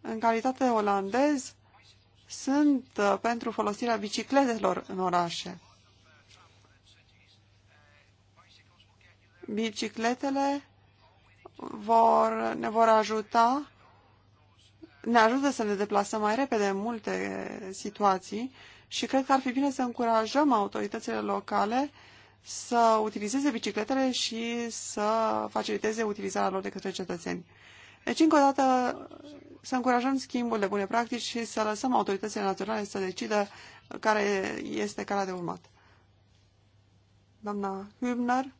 [SPEAKER 2] În calitate de olandez, sunt uh, pentru folosirea bicicletelor în orașe. Bicicletele vor, ne vor ajuta, ne ajută să ne deplasăm mai repede în multe situații și cred că ar fi bine să încurajăm autoritățile locale să utilizeze bicicletele și să faciliteze utilizarea lor de către cetățeni. Deci, încă o dată, să încurajăm schimbul de bune practici și să lăsăm autoritățile naționale să decidă care este calea de urmat. Doamna Hübner.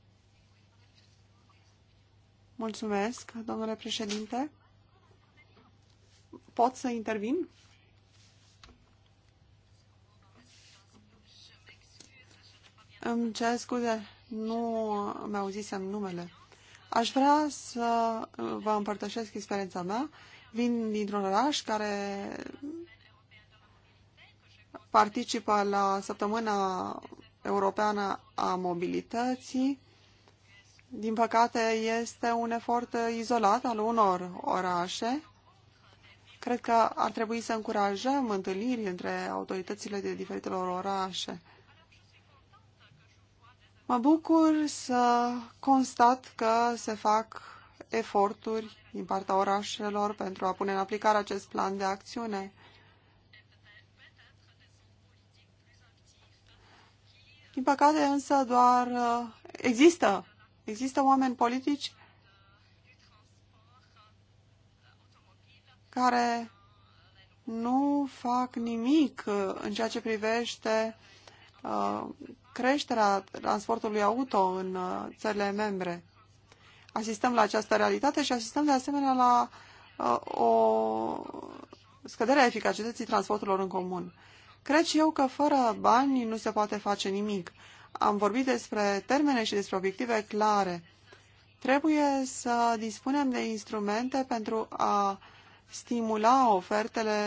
[SPEAKER 2] Mulțumesc, domnule președinte. Pot să intervin? Îmi cer scuze, nu mi-auzisem numele. Aș vrea să vă împărtășesc experiența mea. Vin dintr-un oraș care participă la săptămâna europeană a mobilității. Din păcate, este un efort izolat al unor orașe. Cred că ar trebui să încurajăm întâlniri între autoritățile de diferitelor orașe. Mă bucur să constat că se fac eforturi din partea orașelor pentru a pune în aplicare acest plan de acțiune. Din păcate însă doar uh, există, există oameni politici care nu fac nimic uh, în ceea ce privește uh, creșterea transportului auto în uh, țările membre. Asistăm la această realitate și asistăm de asemenea la uh, o scădere a eficacității transporturilor în comun. Cred și eu că fără bani nu se poate face nimic. Am vorbit despre termene și despre obiective clare. Trebuie să dispunem de instrumente pentru a stimula ofertele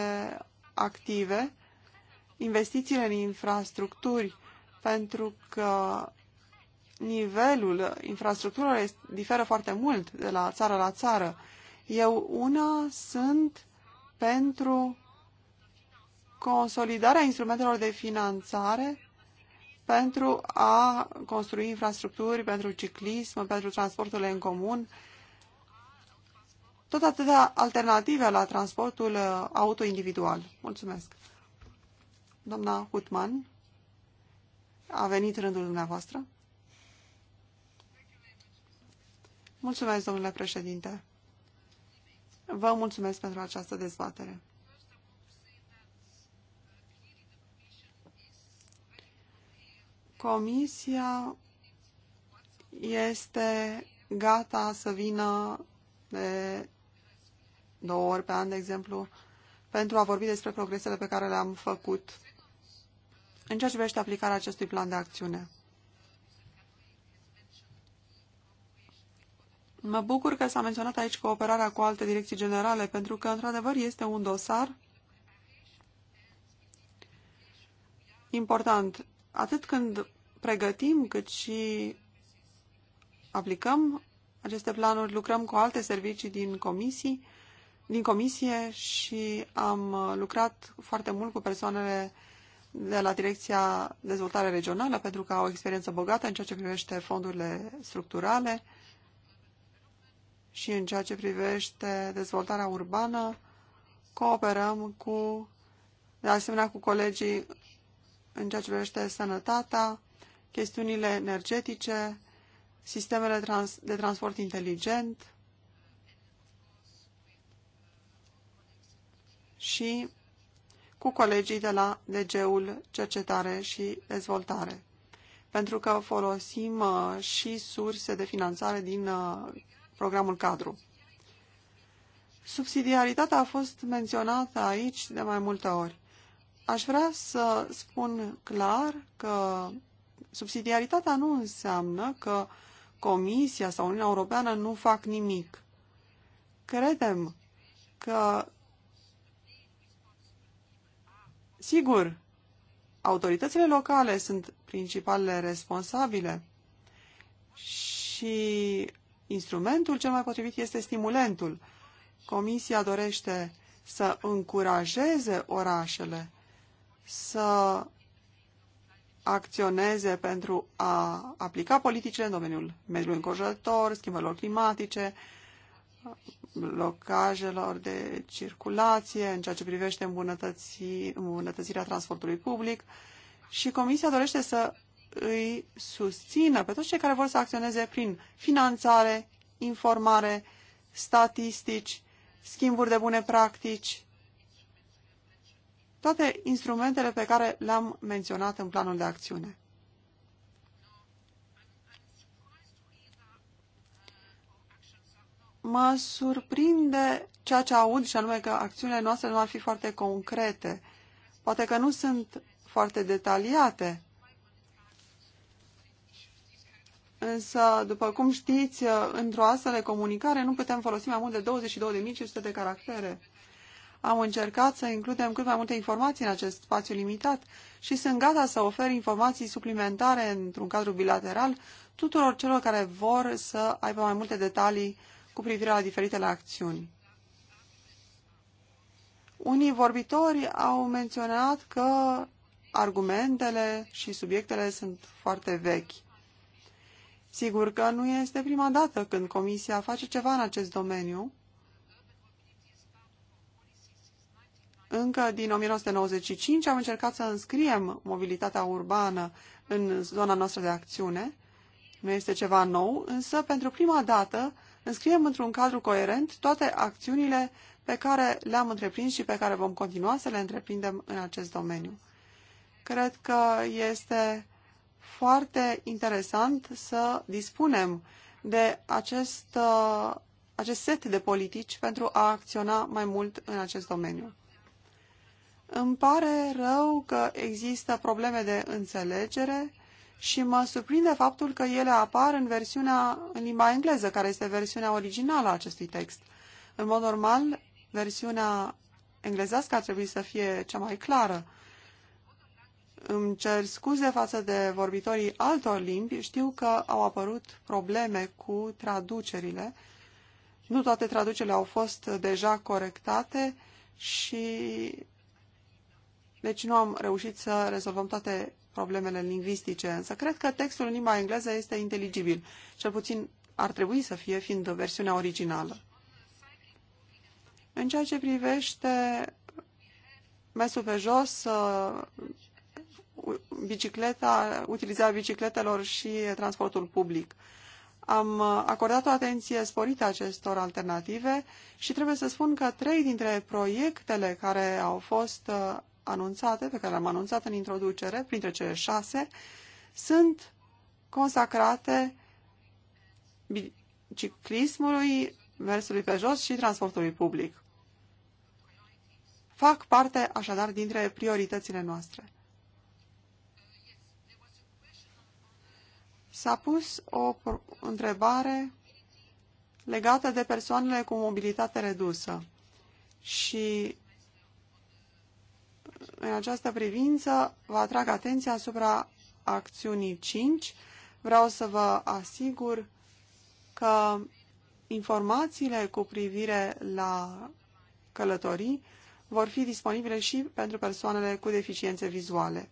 [SPEAKER 2] active, investițiile în infrastructuri pentru că nivelul infrastructurilor diferă foarte mult de la țară la țară. Eu una sunt pentru consolidarea instrumentelor de finanțare pentru a construi infrastructuri pentru ciclism, pentru transporturile în comun, tot atâtea alternative la transportul uh, auto individual. Mulțumesc. Doamna Hutman. A venit rândul dumneavoastră. Mulțumesc, domnule președinte. Vă mulțumesc pentru această dezbatere. Comisia este gata să vină de două ori pe an, de exemplu, pentru a vorbi despre progresele pe care le-am făcut în ceea ce privește aplicarea acestui plan de acțiune. Mă bucur că s-a menționat aici cooperarea cu alte direcții generale, pentru că, într-adevăr, este un dosar important, atât când pregătim, cât și aplicăm aceste planuri, lucrăm cu alte servicii din comisii, din comisie și am lucrat foarte mult cu persoanele de la Direcția Dezvoltare Regională, pentru că au o experiență bogată în ceea ce privește fondurile structurale și în ceea ce privește dezvoltarea urbană. Cooperăm cu, de asemenea cu colegii în ceea ce privește sănătatea, chestiunile energetice, sistemele trans de transport inteligent și cu colegii de la DG-ul Cercetare și Dezvoltare, pentru că folosim uh, și surse de finanțare din uh, programul cadru. Subsidiaritatea a fost menționată aici de mai multe ori. Aș vrea să spun clar că subsidiaritatea nu înseamnă că Comisia sau Uniunea Europeană nu fac nimic. Credem că Sigur, autoritățile locale sunt principalele responsabile și instrumentul cel mai potrivit este stimulentul. Comisia dorește să încurajeze orașele să acționeze pentru a aplica politicile în domeniul mediului înconjurător, schimbărilor climatice, blocajelor de circulație, în ceea ce privește îmbunătățirea transportului public și Comisia dorește să îi susțină pe toți cei care vor să acționeze prin finanțare, informare, statistici, schimburi de bune practici, toate instrumentele pe care le-am menționat în planul de acțiune. mă surprinde ceea ce aud și anume că acțiunile noastre nu ar fi foarte concrete. Poate că nu sunt foarte detaliate. Însă, după cum știți, într-o astfel de comunicare nu putem folosi mai mult de 22.500 de caractere. Am încercat să includem cât mai multe informații în acest spațiu limitat și sunt gata să ofer informații suplimentare într-un cadru bilateral tuturor celor care vor să aibă mai multe detalii cu privire la diferitele acțiuni. Unii vorbitori au menționat că argumentele și subiectele sunt foarte vechi. Sigur că nu este prima dată când Comisia face ceva în acest domeniu. Încă din 1995 am încercat să înscriem mobilitatea urbană în zona noastră de acțiune. Nu este ceva nou, însă pentru prima dată înscriem într-un cadru coerent toate acțiunile pe care le-am întreprins și pe care vom continua să le întreprindem în acest domeniu. Cred că este foarte interesant să dispunem de acest, uh, acest set de politici pentru a acționa mai mult în acest domeniu. Îmi pare rău că există probleme de înțelegere și mă surprinde faptul că ele apar în versiunea în limba engleză, care este versiunea originală a acestui text. În mod normal, versiunea englezească ar trebui să fie cea mai clară. Îmi cer scuze față de vorbitorii altor limbi, știu că au apărut probleme cu traducerile. Nu toate traducerile au fost deja corectate și deci nu am reușit să rezolvăm toate problemele lingvistice, însă cred că textul în limba engleză este inteligibil. Cel puțin ar trebui să fie, fiind versiunea originală. În ceea ce privește mesul pe jos, uh, bicicleta, utilizarea bicicletelor și transportul public. Am uh, acordat o atenție sporită acestor alternative și trebuie să spun că trei dintre proiectele care au fost uh, anunțate, pe care le-am anunțat în introducere, printre cele șase, sunt consacrate ciclismului, mersului pe jos și transportului public. Fac parte, așadar, dintre prioritățile noastre. S-a pus o întrebare legată de persoanele cu mobilitate redusă și în această privință vă atrag atenția asupra acțiunii 5. Vreau să vă asigur că informațiile cu privire la călătorii vor fi disponibile și pentru persoanele cu deficiențe vizuale.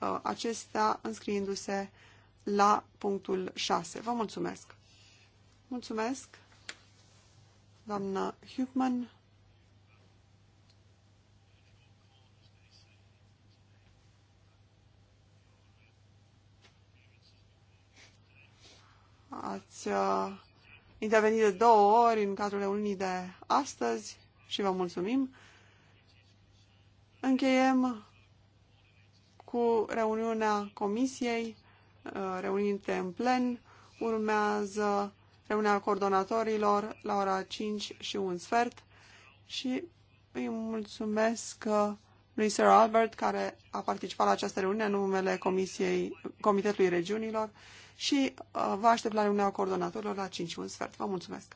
[SPEAKER 2] Uh, acestea înscriindu-se la punctul 6. Vă mulțumesc! Mulțumesc, doamnă Hübman. Ați uh, intervenit de două ori în cadrul reuniunii de astăzi și vă mulțumim. Încheiem cu reuniunea comisiei, uh, reunite în plen. Urmează reuniunea coordonatorilor la ora 5 și un sfert și îi mulțumesc uh, lui Sir Albert care a participat la această reuniune în numele Comisiei, Comitetului Regiunilor și uh, vă aștept la reuniunea coordonatorilor la 5 un sfert. Vă mulțumesc!